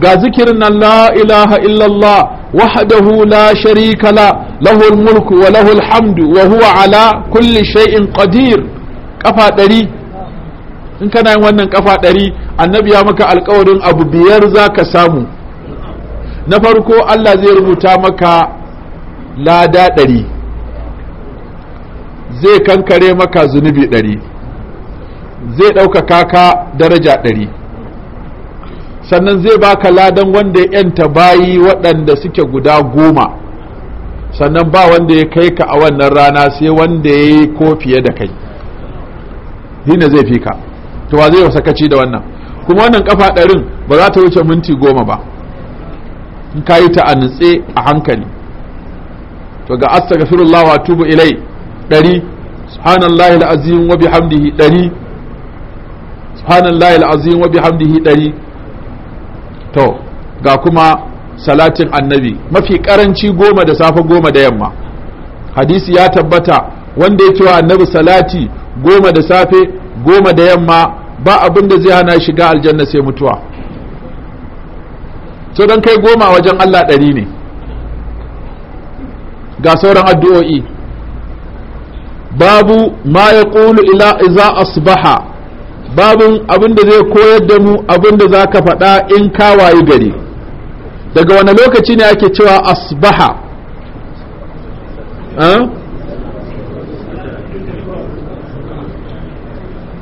ga zikirin nan la ilaha illallah wahdahu la sharika la lahul mulku wa lahul hamdu wa huwa ala kulli shay'in qadir kafa ɗari in kana yin wannan kafa ɗari annabi ya maka alkawarin abu biyar za ka samu na farko Allah zai rubuta maka lada ɗari zai kankare maka zunubi ɗari zai ɗaukaka ka daraja ɗari sannan zai baka ladan wanda ya yanta bayi waɗanda suke guda goma sannan ba wanda ya kai ka a wannan rana sai wanda ya yi ko fiye da kai dina zai fi ka to wa zai sakaci da wannan kuma wannan kafa ɗarin ba za ta wuce minti goma ba in ka yi ta a nutse a hankali to ga astaghfirullah wa tubu ilai ɗari subhanallah al'azim wa bihamdihi ɗari subhanallah al'azim wa bihamdihi ɗari to ga kuma salatin annabi mafi karanci goma da safe goma da yamma hadisi ya tabbata wanda ya wa annabi salati goma da safe goma da yamma ba abin da zai hana shiga aljanna sai mutuwa so don kai goma wajen Allah ɗari ne ga sauran addu'o'i babu ma ya ƙulu ila iza asbaha babin abin da zai koyar da mu abin da za ka faɗa in ka wayi gari daga wani lokaci ne ake cewa asbaha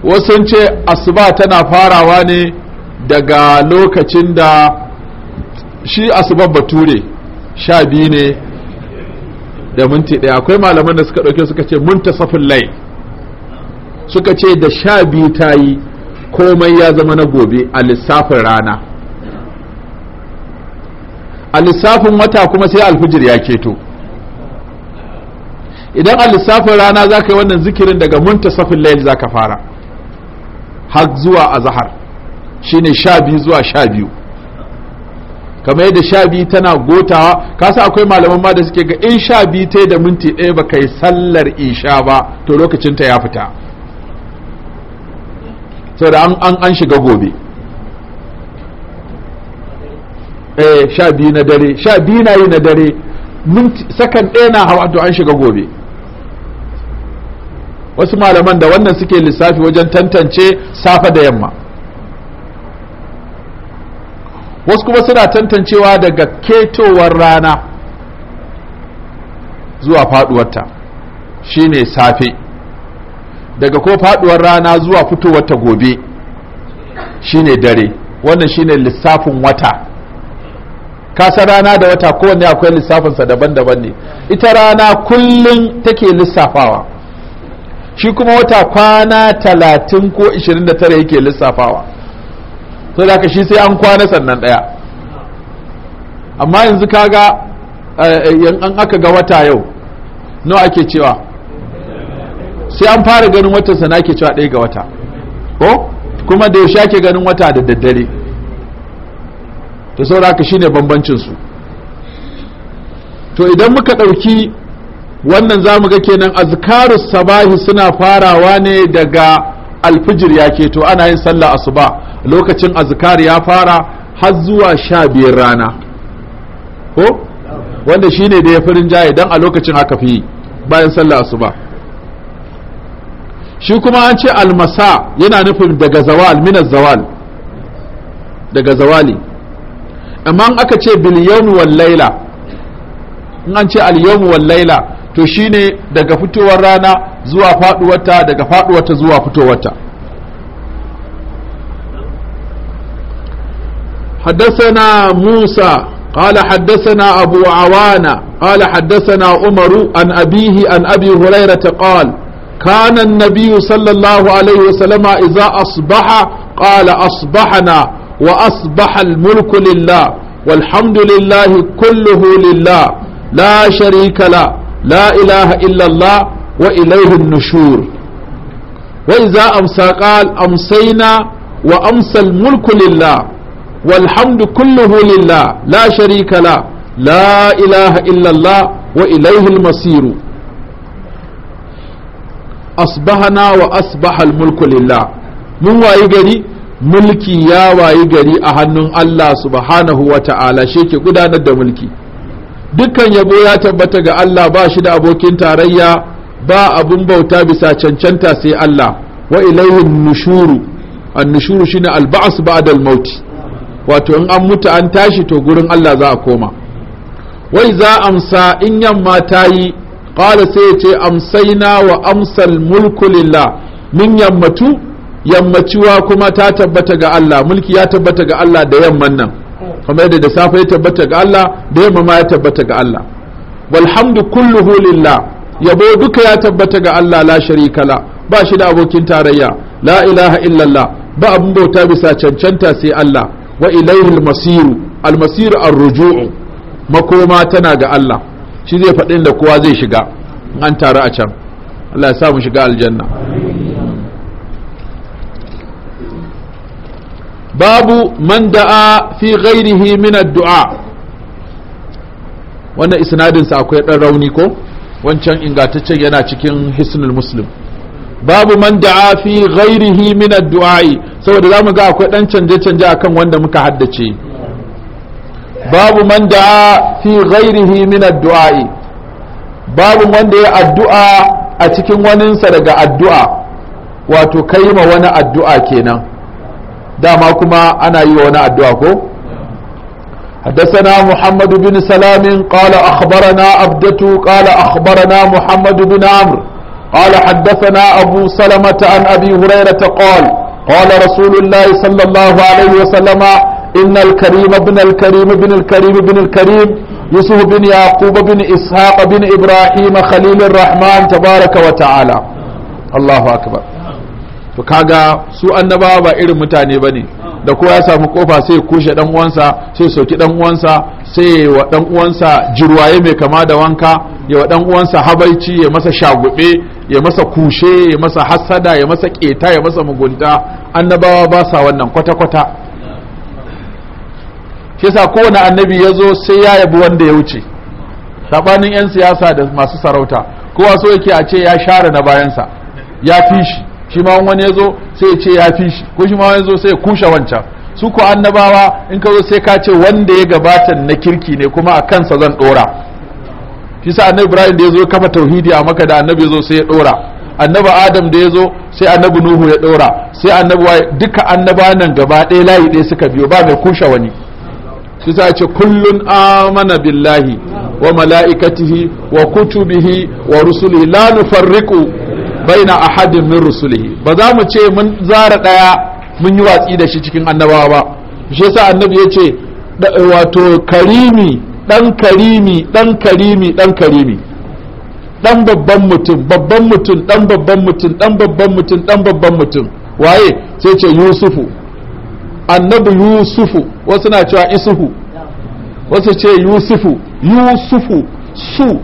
wasu ce asuba tana farawa ne daga lokacin da shi asubar bature sha biyu ne da minti ɗaya akwai malaman da suka ɗauke suka ce safin lai suka ce da sha biyu ta yi komai ya zama na gobe a lissafin rana a lissafin wata kuma sai alfijir ya keto idan a lissafin rana za ka yi wannan zikirin daga munta safin lail za ka fara har zuwa azhar shine sha biyu zuwa sha biyu kamar yadda sha biyu tana gotawa kasa akwai malaman ma da suke ga in sha biyu ta da minti ɗaya ba kai sallar isha ba to lokacin ta ya fita saboda an an an shiga gobe eh sha biyu na dare sha biyu na yi na dare minti sakan ɗaya na hawa to an shiga gobe wasu malaman da wannan suke lissafi wajen tantance safa da yamma wasu kuma suna tantancewa daga ketowar rana zuwa faduwarta shine safe daga ko faduwar rana zuwa fitowarta gobe shine dare wannan shine lissafin wata kasa rana da wata kowanne akwai lissafinsa daban-daban ne ita rana kullum take lissafawa shi kuma wata kwana talatin ko ishirin da tara yake lissafawa so da shi sai an kwana sannan ɗaya amma yanzu kaga yan eh, eh, an aka ga wata yau nawa ake cewa sai an fara ganin wata sana ake cewa ɗaya ga wata ko kuma da yaushe ake ganin wata da daddare to saboda shine bambancin su to idan muka ɗauki wannan za mu ga kenan azkaru sabahi suna farawa ne daga alfijir ya keto ana yin sallah asuba lokacin azkar ya fara har zuwa sha biyar rana ko wanda shi ne da ya fi jaye don a lokacin haka fi bayan sallah asuba shi kuma an ce almasa yana nufin daga zawal minas zawal daga zawali amma aka ce biliyonu wal laila in an ce al wal laila to shine daga fitowar rana zuwa faduwarta daga faduwarta zuwa fitowarta حدثنا موسى قال حدثنا أبو عوانة قال حدثنا عمر عن أبيه عن أبي هريرة قال كان النبي صلى الله عليه وسلم إذا أصبح قال أصبحنا وأصبح الملك لله والحمد لله كله لله لا شريك له la ilaha illallah wa ilaihin nushur wai za amsa qal amsaina wa amsal mulku lillah والحمد كله لله لا شريك له لا إله إلا الله وإليه المصير أصبحنا وأصبح الملك لله من وايقري ملكي يا وايقري أهن الله سبحانه وتعالى شيك قدانا ملكي dukkan yabo ya tabbata ga Allah ba shi da abokin tarayya ba abun bauta bisa cancanta sai Allah wa ilaihi nushuru an nushuru shine alba'as ba'dal maut wato in an mutu an tashi to gurin Allah za a koma wai za amsa in yamma ta yi, qala sai ya ce amsaina wa amsal mulku lillah min yammatu yammaciwa kuma ta tabbata ga Allah mulki ya tabbata ga Allah da yamman nan kamar yadda da safe ya tabbata ga Allah da yamma ma ya tabbata ga Allah walhamdu kulluhu lillah yabo duka ya tabbata ga Allah la sharika la ba shi da abokin tarayya la ilaha illallah ba abin bauta bisa cancanta sai Allah wa ilaihi almasiru ar arruju'u makoma tana ga Allah shi zai faɗin da kowa zai shiga an taru a can Allah ya sa mu shiga aljanna babu man da'a fi ghairihi min addu'a wannan isnadin sa akwai dan rauni ko wancan ingantaccen yana cikin hisnul muslim babu man da'a fi ghairihi min addu'ai saboda zamu ga akwai dan canje canje akan wanda muka haddace babu man da'a fi ghairihi min addu'ai babu wanda ya addu'a a cikin waninsa daga addu'a wato kai ma wani addu'a kenan dama kuma ana yi wa wani addu'a ko حدثنا محمد بن سلام قال أخبرنا عبدة قال أخبرنا محمد بن عمرو قال حدثنا أبو سلمة عن أبي هريرة قال قال رسول الله صلى الله عليه وسلم إن الكريم بن الكريم بن الكريم بن الكريم يوسف بن يعقوب بن إسحاق بن إبراهيم خليل الرحمن تبارك وتعالى الله أكبر to kaga su annabawa ba irin mutane ba ne da kowa ya samu kofa sai kushe dan uwansa sai soki dan uwansa sai wa dan uwansa jirwaye mai kama da wanka ya wa dan uwansa habaici ya masa shagube ya masa kushe ya masa hassada ya masa keta ya masa mugunta annabawa ba sa wannan kwata kwata shi sa kowane annabi ya zo sai ya yabi wanda ya wuce sabanin yan siyasa da masu sarauta kowa so yake a ce ya share na bayansa ya fishi. shi ma wani ya zo sai ya ce ya fi shi ko shi ma wani ya zo sai ya kushe wancan su ko annabawa in ka zo sai ka ce wanda ya gabata na kirki ne kuma a kansa zan dora shi sa annabi ibrahim da ya zo kafa tauhidi a maka da annabi ya zo sai ya dora annabi adam da ya zo sai annabi nuhu ya dora sai annabi waye duka annabanan gaba ɗaya layi ɗaya suka biyo ba mai kushe wani shi sa ce kullun amana billahi wa mala'ikatihi wa kutubihi wa rusulihi la nufarriqu baina ahadin min rusulihi ba za mu ce mun zara daya mun yi watsi da shi cikin annabawa ba shi yasa annabi ya ce wato karimi dan karimi dan karimi dan karimi dan babban mutum babban mutum dan babban mutum dan babban mutum dan babban mutum waye sai ce yusufu annabi yusufu wasu na cewa isuhu wasu ce yusufu yusufu su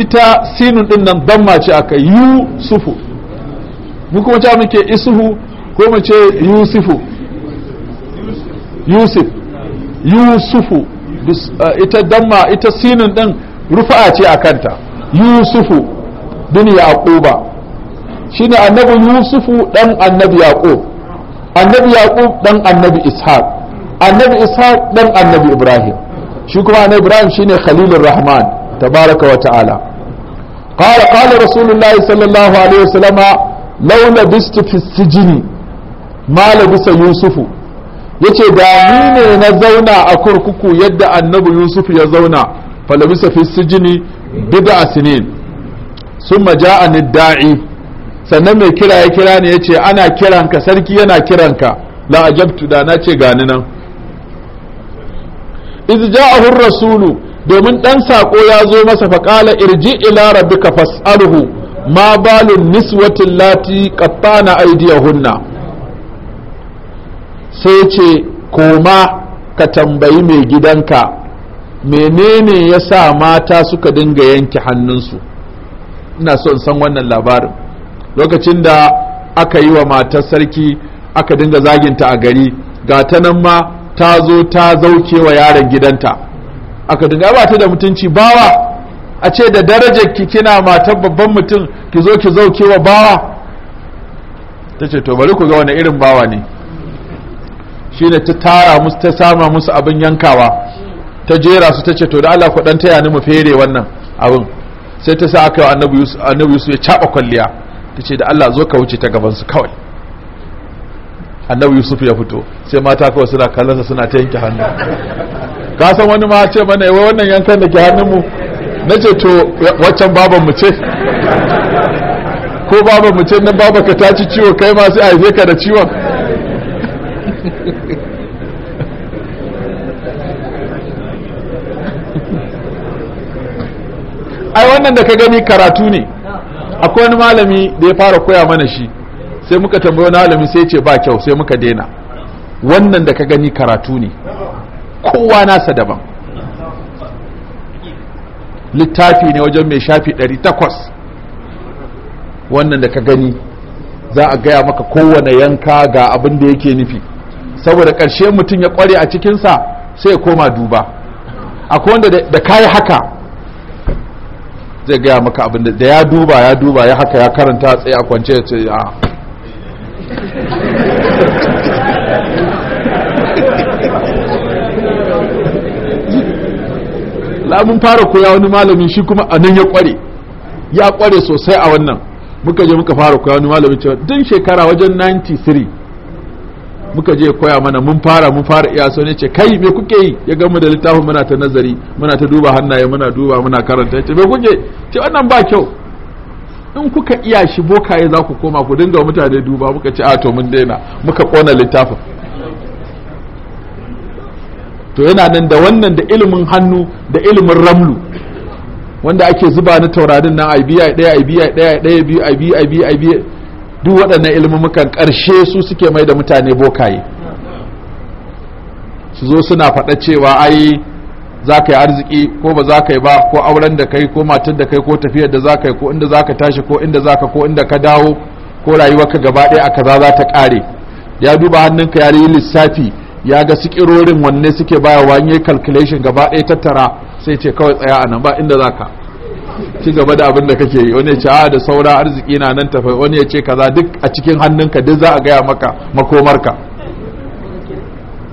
ita sinun din nan damma ce aka yusufu mu kuma ta muke isuhu ko mu ce yusufu yusuf yusufu ita damma ita sinun din rufa'a ce a kanta yusufu bin yaquba shine annabi yusufu dan annabi yaqub annabi yaqub dan annabi ishaq annabi ishaq dan annabi ibrahim shi kuma annabi ibrahim shine khalilur rahman tabaraka wa ta'ala قال قال رسول الله صلى الله عليه وسلم لو لبست في السجن ما لبس يوسف yace da ni ne na zauna a kurkuku yadda annabi yusuf ya zauna falabisa fi sijini bida sinin sun maja da'i sannan mai kira ya kira ne yace ana kiranka sarki yana kiranka la ajabtu da na ce gani nan iz ja'ahu rasulu domin ɗan saƙo ya zo masa faƙala irji ila rabbika fas'aluhu ma balun niswatin lati qattana aydiyahunna sai ce koma ka tambayi mai gidanka menene ya sa mata suka dinga yanke hannunsu ina so in san wannan labarin lokacin da aka yi wa matar sarki aka dinga zaginta a gari gata nan ma ta zo ta zauke wa yaron gidanta aka dinga ba ta da mutunci bawa a ce da darajar ki kina matar babban mutum ki zo ki zauke wa bawa ta ce to bari ku ga wani irin bawa ne shi ne ta tara musu ta sama musu abin yankawa ta jera su ta ce to da Allah ku dan taya ni mu fere wannan abin sai ta sa aka yi annabi Yusuf annabi Yusuf ya chaba kwalliya ta ce da Allah zo ka wuce ta gaban su kawai annabi Yusuf ya fito sai mata kawai suna sa suna ta yanke hannu ka san wani ma ce mana wai wannan yankan da ke hannunmu na ce to waccan baban mu ce ko baban mu ce nan baba ka taci ciwo kai ma sai a ka da ciwon ai wannan da ka gani karatu ne akwai wani malami da ya fara koya mana shi sai muka tambayi wani malami sai ce ba kyau sai muka daina wannan da ka gani karatu ne kowa nasa daban littafi ne wajen mai shafi 800 wannan da ka gani za a gaya maka kowane yanka ga abin da yake nufi saboda ƙarshe mutum ya ƙware a cikinsa sai ya koma duba akwai wanda da kayi haka zai gaya maka abin da ya duba ya duba ya haka ya karanta tsaye a kwance ya ce a ah. la mun fara koya wani malami shi kuma a nan ya kware ya kware sosai a wannan muka je muka fara koya wani malami cewa tun shekara wajen 93 muka je koya mana mun fara mun fara iya so ne ce kai me kuke yi ya gama da littafin muna ta nazari muna ta duba hannaye muna duba muna karanta ya ce me kuke ce wannan ba kyau in kuka iya shi bokaye za ku koma ku dinga mutane duba muka ce a to mun daina muka kona littafin to yana nan da wannan da ilimin hannu da ilimin ramlu wanda ake zuba na taurarin nan ibi a ɗaya ibi a ɗaya ɗaya biyu ibi biyu ai biyu ai duk waɗannan ilmumukan ƙarshe su suke mai da mutane bokaye su zo suna faɗa cewa ai za ka yi arziki ko ba za ka yi ba ko auren da kai ko matar da kai ko tafiyar da za ka yi ko inda za ka tashi ko inda za ka ko inda ka dawo ko rayuwarka gaba ɗaya a kaza za ta ƙare ya duba hannunka ya yi lissafi ya ga sikirorin wanne suke bayarwa in yayi calculation gaba ɗaya tattara sai ce kawai tsaya a nan ba inda za ka, ci gaba da abin da kake yi wani ya ce a ah, da saura arziki na nan tafai wani ya ce kaza duk a cikin hannunka duk za a gaya maka makomarka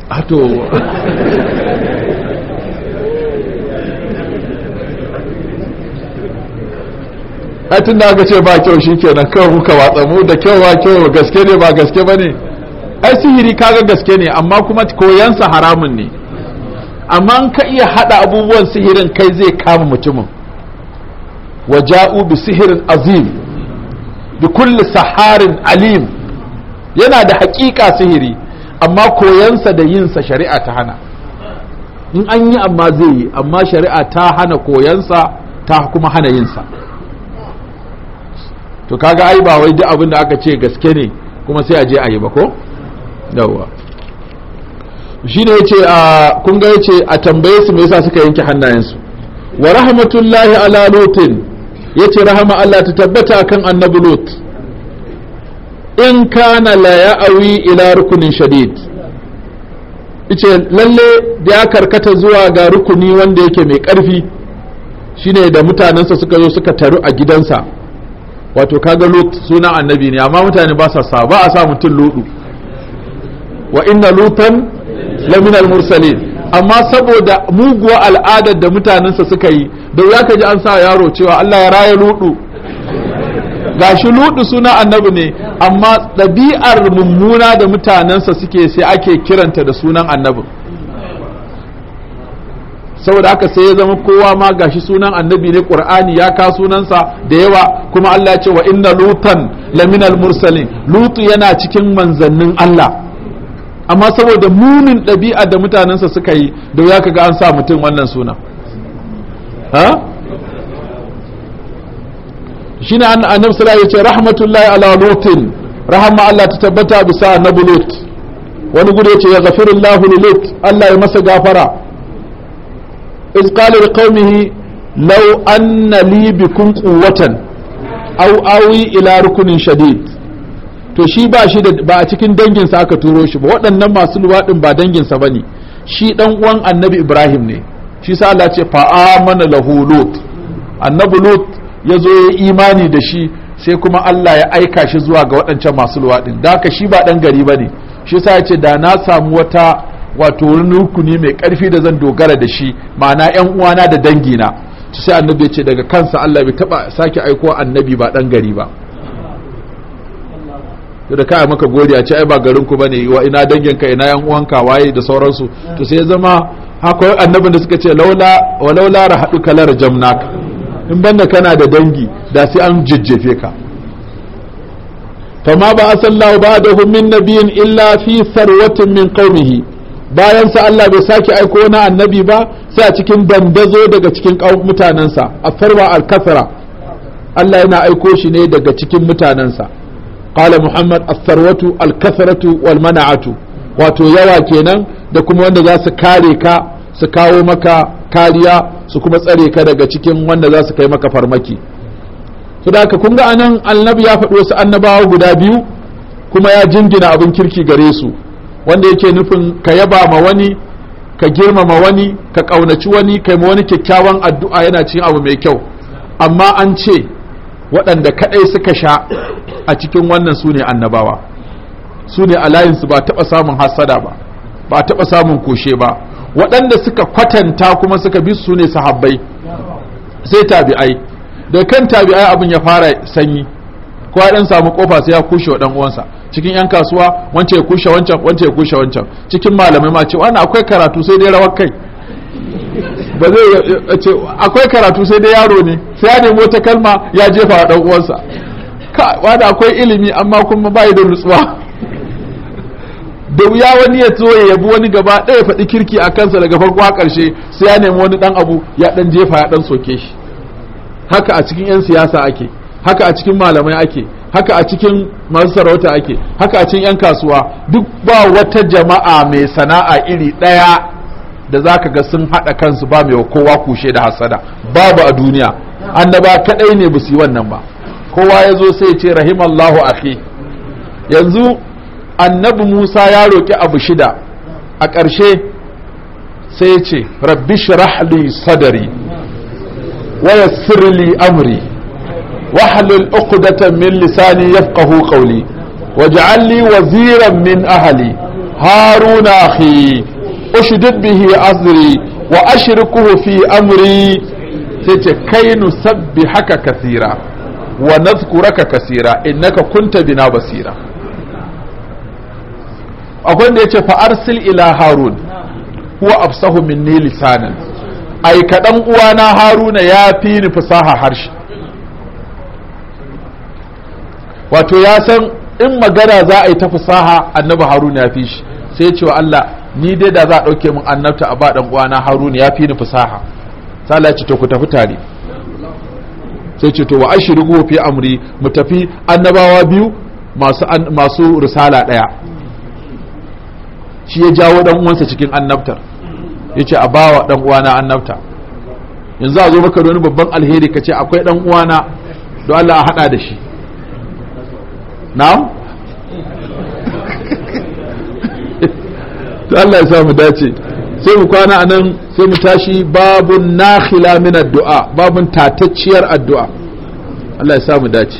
ato tun da aka ce ba kyau shi kenan kawai kuka watsa mu da kyau ba kyau gaske ne ba gaske ba ne ai sihiri kaga gaske ne amma kuma koyansa haramun ne amma ka iya haɗa abubuwan sihirin kai zai kama mutumin waja'u bi sihirin azim bi kulli saharin alim yana da haƙiƙa sihiri amma koyansa da yinsa shari'a ta hana in an yi amma zai yi amma shari'a ta hana koyansa ta kuma hana yinsa to kaga ai ba wai duk abin da aka ce gaske ne kuma sai a je a yi ba ko yawwa shi ne yace a kun ga yace a tambaye su me yasa suka yanke hannayensu wa rahmatullahi ala lutin yace rahama Allah ta tabbata kan annabi lot in kana la ya'awi ila rukunin shadid yace lalle da ya karkata zuwa ga rukuni wanda yake mai karfi shine da mutanensa suka zo suka taru a gidansa wato kaga lut suna annabi ne amma mutane ba sa sa ba a sa mutum ludu wa inna lutan lamin al-mursalin amma saboda muguwa al'adar da mutanensa suka yi da ya kaji an sa yaro cewa Allah ya raya ludu gashi ludu suna annabi ne amma ɗabi'ar mummuna da mutanensa suke sai ake kiranta da sunan annabi. saboda haka sai ya zama kowa ma gashi sunan annabi ne qur'ani ya ka sunansa da yawa kuma Allah ya ce wa inna lutan laminal mursalin lutu yana cikin manzannin Allah amma saboda munin ɗabi'a da mutanensa suka yi da ya kaga an sa mutum wannan suna ha shine an annabi sallallahu alaihi wasallam rahmatullahi ala lutin rahama Allah ta tabbata bisa annabi lut wani gudu yace ya ghafirullahu li lut Allah ya masa gafara iz qala liqaumihi law anna li bikum quwwatan aw awi ila rukunin shadid to shi ba shi da ba a cikin danginsa aka turo shi ba waɗannan masu luwaɗin ba danginsa ba ne shi ɗan uwan annabi ibrahim ne shi sa Allah ce fa'amana lahu lut annabi lut ya zo ya imani da shi sai kuma Allah ya aika shi zuwa ga waɗancan masu luwaɗin da haka shi ba ɗan gari ba ne shi sa ya ce da na samu wata wato wani rukuni mai ƙarfi da zan dogara da shi ma'ana ‘yan uwana da dangina sai annabi ya ce daga kansa Allah bai taɓa sake aiko annabi ba ɗan gari ba to da kai maka a ce ai ba garin ku bane wa ina danginka ina yan uwanka waye da sauransu to sai zama akwai annabin da suka ce laula wa laula rahadu kalar jamnaka in banda kana da dangi da sai an jijjefe ka fama ba asallahu ba'dahu min nabiyyin illa fi sarwatin min qaumihi bayan sa Allah bai sake aiko wani annabi ba sai a cikin dandazo daga cikin mutanensa a farwa al kafara Allah yana aiko shi ne daga cikin mutanensa qala muhammad as-sarwatu al-kasratu wal mana'atu wato yawa kenan da kuma wanda za su kare ka su kawo maka kariya su kuma tsare ka daga cikin wanda za su kai maka farmaki to da kun ga anan annabi ya faɗi wasu annabawa guda biyu kuma ya jingina abin kirki gare su wanda yake nufin ka yaba ma wani ka girmama wani ka ƙaunaci wani ka ma wani kyakkyawan addu'a yana cin abu mai kyau amma an ce waɗanda kaɗai suka sha a cikin wannan su ne annabawa su ne a layinsu ba taɓa samun hasada ba ba taɓa samun koshe ba waɗanda suka kwatanta kuma suka bi su ne sahabbai sai tabi'ai da kan tabi'ai abin ya fara sanyi ko ya ɗan samu ƙofa sai ya kushe wa dan uwansa cikin yan kasuwa wance ya kushe wancan wance ya kushe wancan cikin malamai ma ce wannan akwai karatu sai dai rawar kai ba zai ce akwai karatu sai dai yaro ne sai ya nemo ta kalma ya jefa wa dan uwansa ka wada akwai ilimi amma kuma bai da nutsuwa da wuya wani ya zo ya bi wani gaba ɗaya faɗi kirki a kansa daga farko a ƙarshe sai ya nemi wani ɗan abu ya ɗan jefa ya ɗan soke shi haka a cikin 'yan siyasa ake haka a cikin malamai ake haka a cikin masu sarauta ake haka a cikin 'yan kasuwa duk ba wata jama'a mai sana'a iri ɗaya da za ka ga sun haɗa kansu ba mai kowa kushe da hasada babu a duniya annaba kaɗai ne ba su yi wannan ba kowa ya zo sai ce Allahu akhi yanzu annabi musa ya roƙi abu shida a ƙarshe sai ya ce rabbi shirahli sadari waya yassirli amri wahlul uqdatan min lisani yafqahu qawli waj'al li waziran min ahli haruna akhi ushdid bihi azri wa ashrikuhu fi amri sai ce kai nusabbi haka kasira wa nazkuraka kasira innaka kunta bina basira akwai da yace fa arsil ila harun huwa afsahu minni lisanan ai uwa uwana haruna ya fi ni fasaha harshe wato ya san in magana za a yi ta fasaha annabi haruna ya fi shi sai wa Allah ni dai da za a ɗauke min annabta a ba uwa uwana haruna ya fi ni fasaha sai Allah ya ce to ku tafi tare sai ce to wa ashriku fi amri mu tafi annabawa biyu masu masu risala daya shi ya jawo dan uwansa cikin annabtar yace a bawa dan uwana annabta yanzu a zo maka da wani babban alheri kace akwai dan uwana don Allah a hada da shi na'am to <laughs> Allah ya samu dace sai mu kwana a nan sai mu tashi babun nakhila min addu'a babun tatacciyar addu'a Allah ya samu dace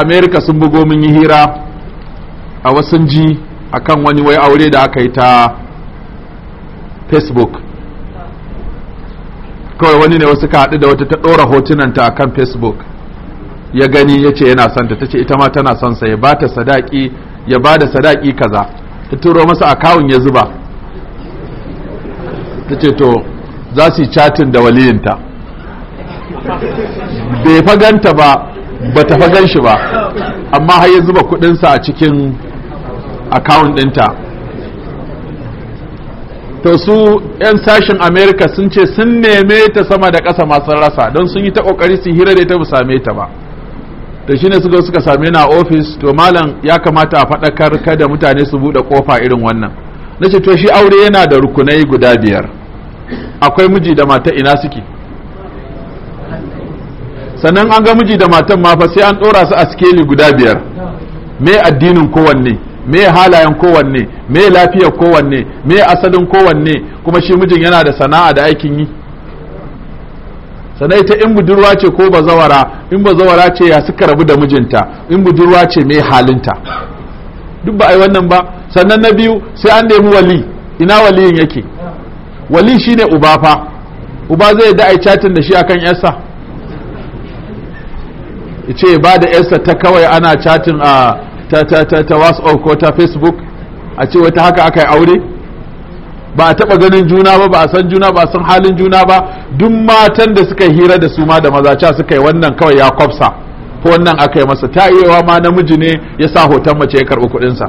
amerika sun bugo mun yi hira a wasan ji akan wani wai aure da aka yi ta facebook kawai wani ne wasu ka haɗu da wata ta ɗora hotunanta a kan facebook ya gani ya ce yana santa ta ce ita ma tana son sa ya ba ta sadaki ya ba da sadaki kaza ta turo masa akawun ya zuba ta ce to za su yi chatin da waliyinta bai faganta ba ba ta fagan shi ba amma har ya zuba kudinsa a cikin akawun ɗinta to su 'yan sashen america sun ce sun neme ta sama da ƙasa masu rasa don sun yi ta ƙoƙari su hira da ta bu same ta ba to shine suka suka same na ofis to malam ya kamata a faɗakar kada mutane su buɗe ƙofa irin wannan na ce to shi aure yana da rukunai guda biyar akwai miji da mata ina suke sannan an ga miji da matan ma fa sai an ɗora su a skeli guda biyar me addinin kowanne me halayen kowanne me lafiyar kowanne me asalin kowanne kuma shi mijin yana da sana'a da aikin yi sannan ita in budurwa ce ko bazawara in bazawara ce ya suka rabu da mijinta in budurwa ce me halinta duk ba ai wannan ba sannan na biyu sai an nemi wali ina waliyin yake wali shine uba fa uba zai da ai chatin da shi akan yarsa ce ba da yarsa ta kawai ana chatin a ta ta ta ta whatsapp ko ta facebook a ce wata haka aka yi aure ba a taba ganin juna ba ba a san juna ba a san halin juna ba duk matan da suka hira da su ma da maza ca suka yi wannan kawai ya kwafsa ko wannan aka yi masa ta iya ma namiji ne ya sa hoton mace ya karɓi kuɗinsa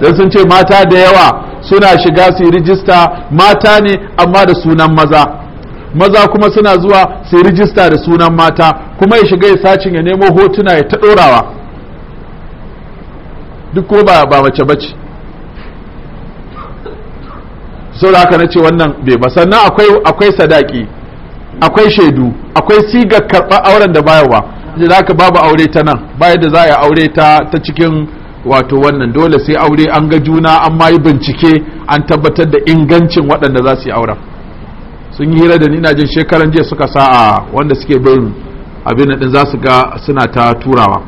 don sun ce mata da yawa suna shiga su yi rijista mata ne amma da sunan maza maza kuma suna zuwa su rijista da sunan mata kuma ya shiga ya sacin ya nemo hotuna ya ta ɗorawa duk ko ba ba mace bace saboda haka na ce wannan bai ba sannan akwai sadaki akwai shaidu akwai sigar karɓar auren da bayarwa da haka babu aure ta nan bayan da za a yi aure ta ta cikin wato wannan dole sai aure an ga juna an ma yi bincike an tabbatar da ingancin waɗanda za su yi auren sun yi hira da ni na jin shekaran jiya suka sa a wanda suke bin abin din za su ga suna ta turawa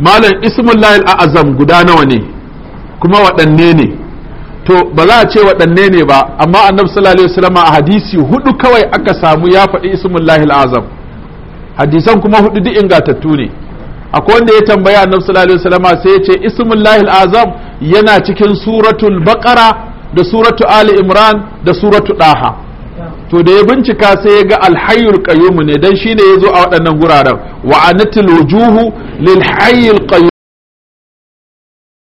malam ismullahi al'azam guda nawa ne kuma waɗanne ne to ba za a ce waɗanne ne ba amma annabi sallallahu alaihi wasallam a hadisi hudu kawai aka samu ya faɗi ismullahi al'azam hadisan kuma hudu duk ingantattu ne akwai wanda ya tambaya annabi sallallahu alaihi wasallam sai ya ce ismullahi al'azam yana cikin suratul baqara da suratu ali imran da suratu daha to da ya bincika sai ya ga alhayyul qayyum ne dan shine yazo a waɗannan guraren wa anatil wujuhu lil hayyil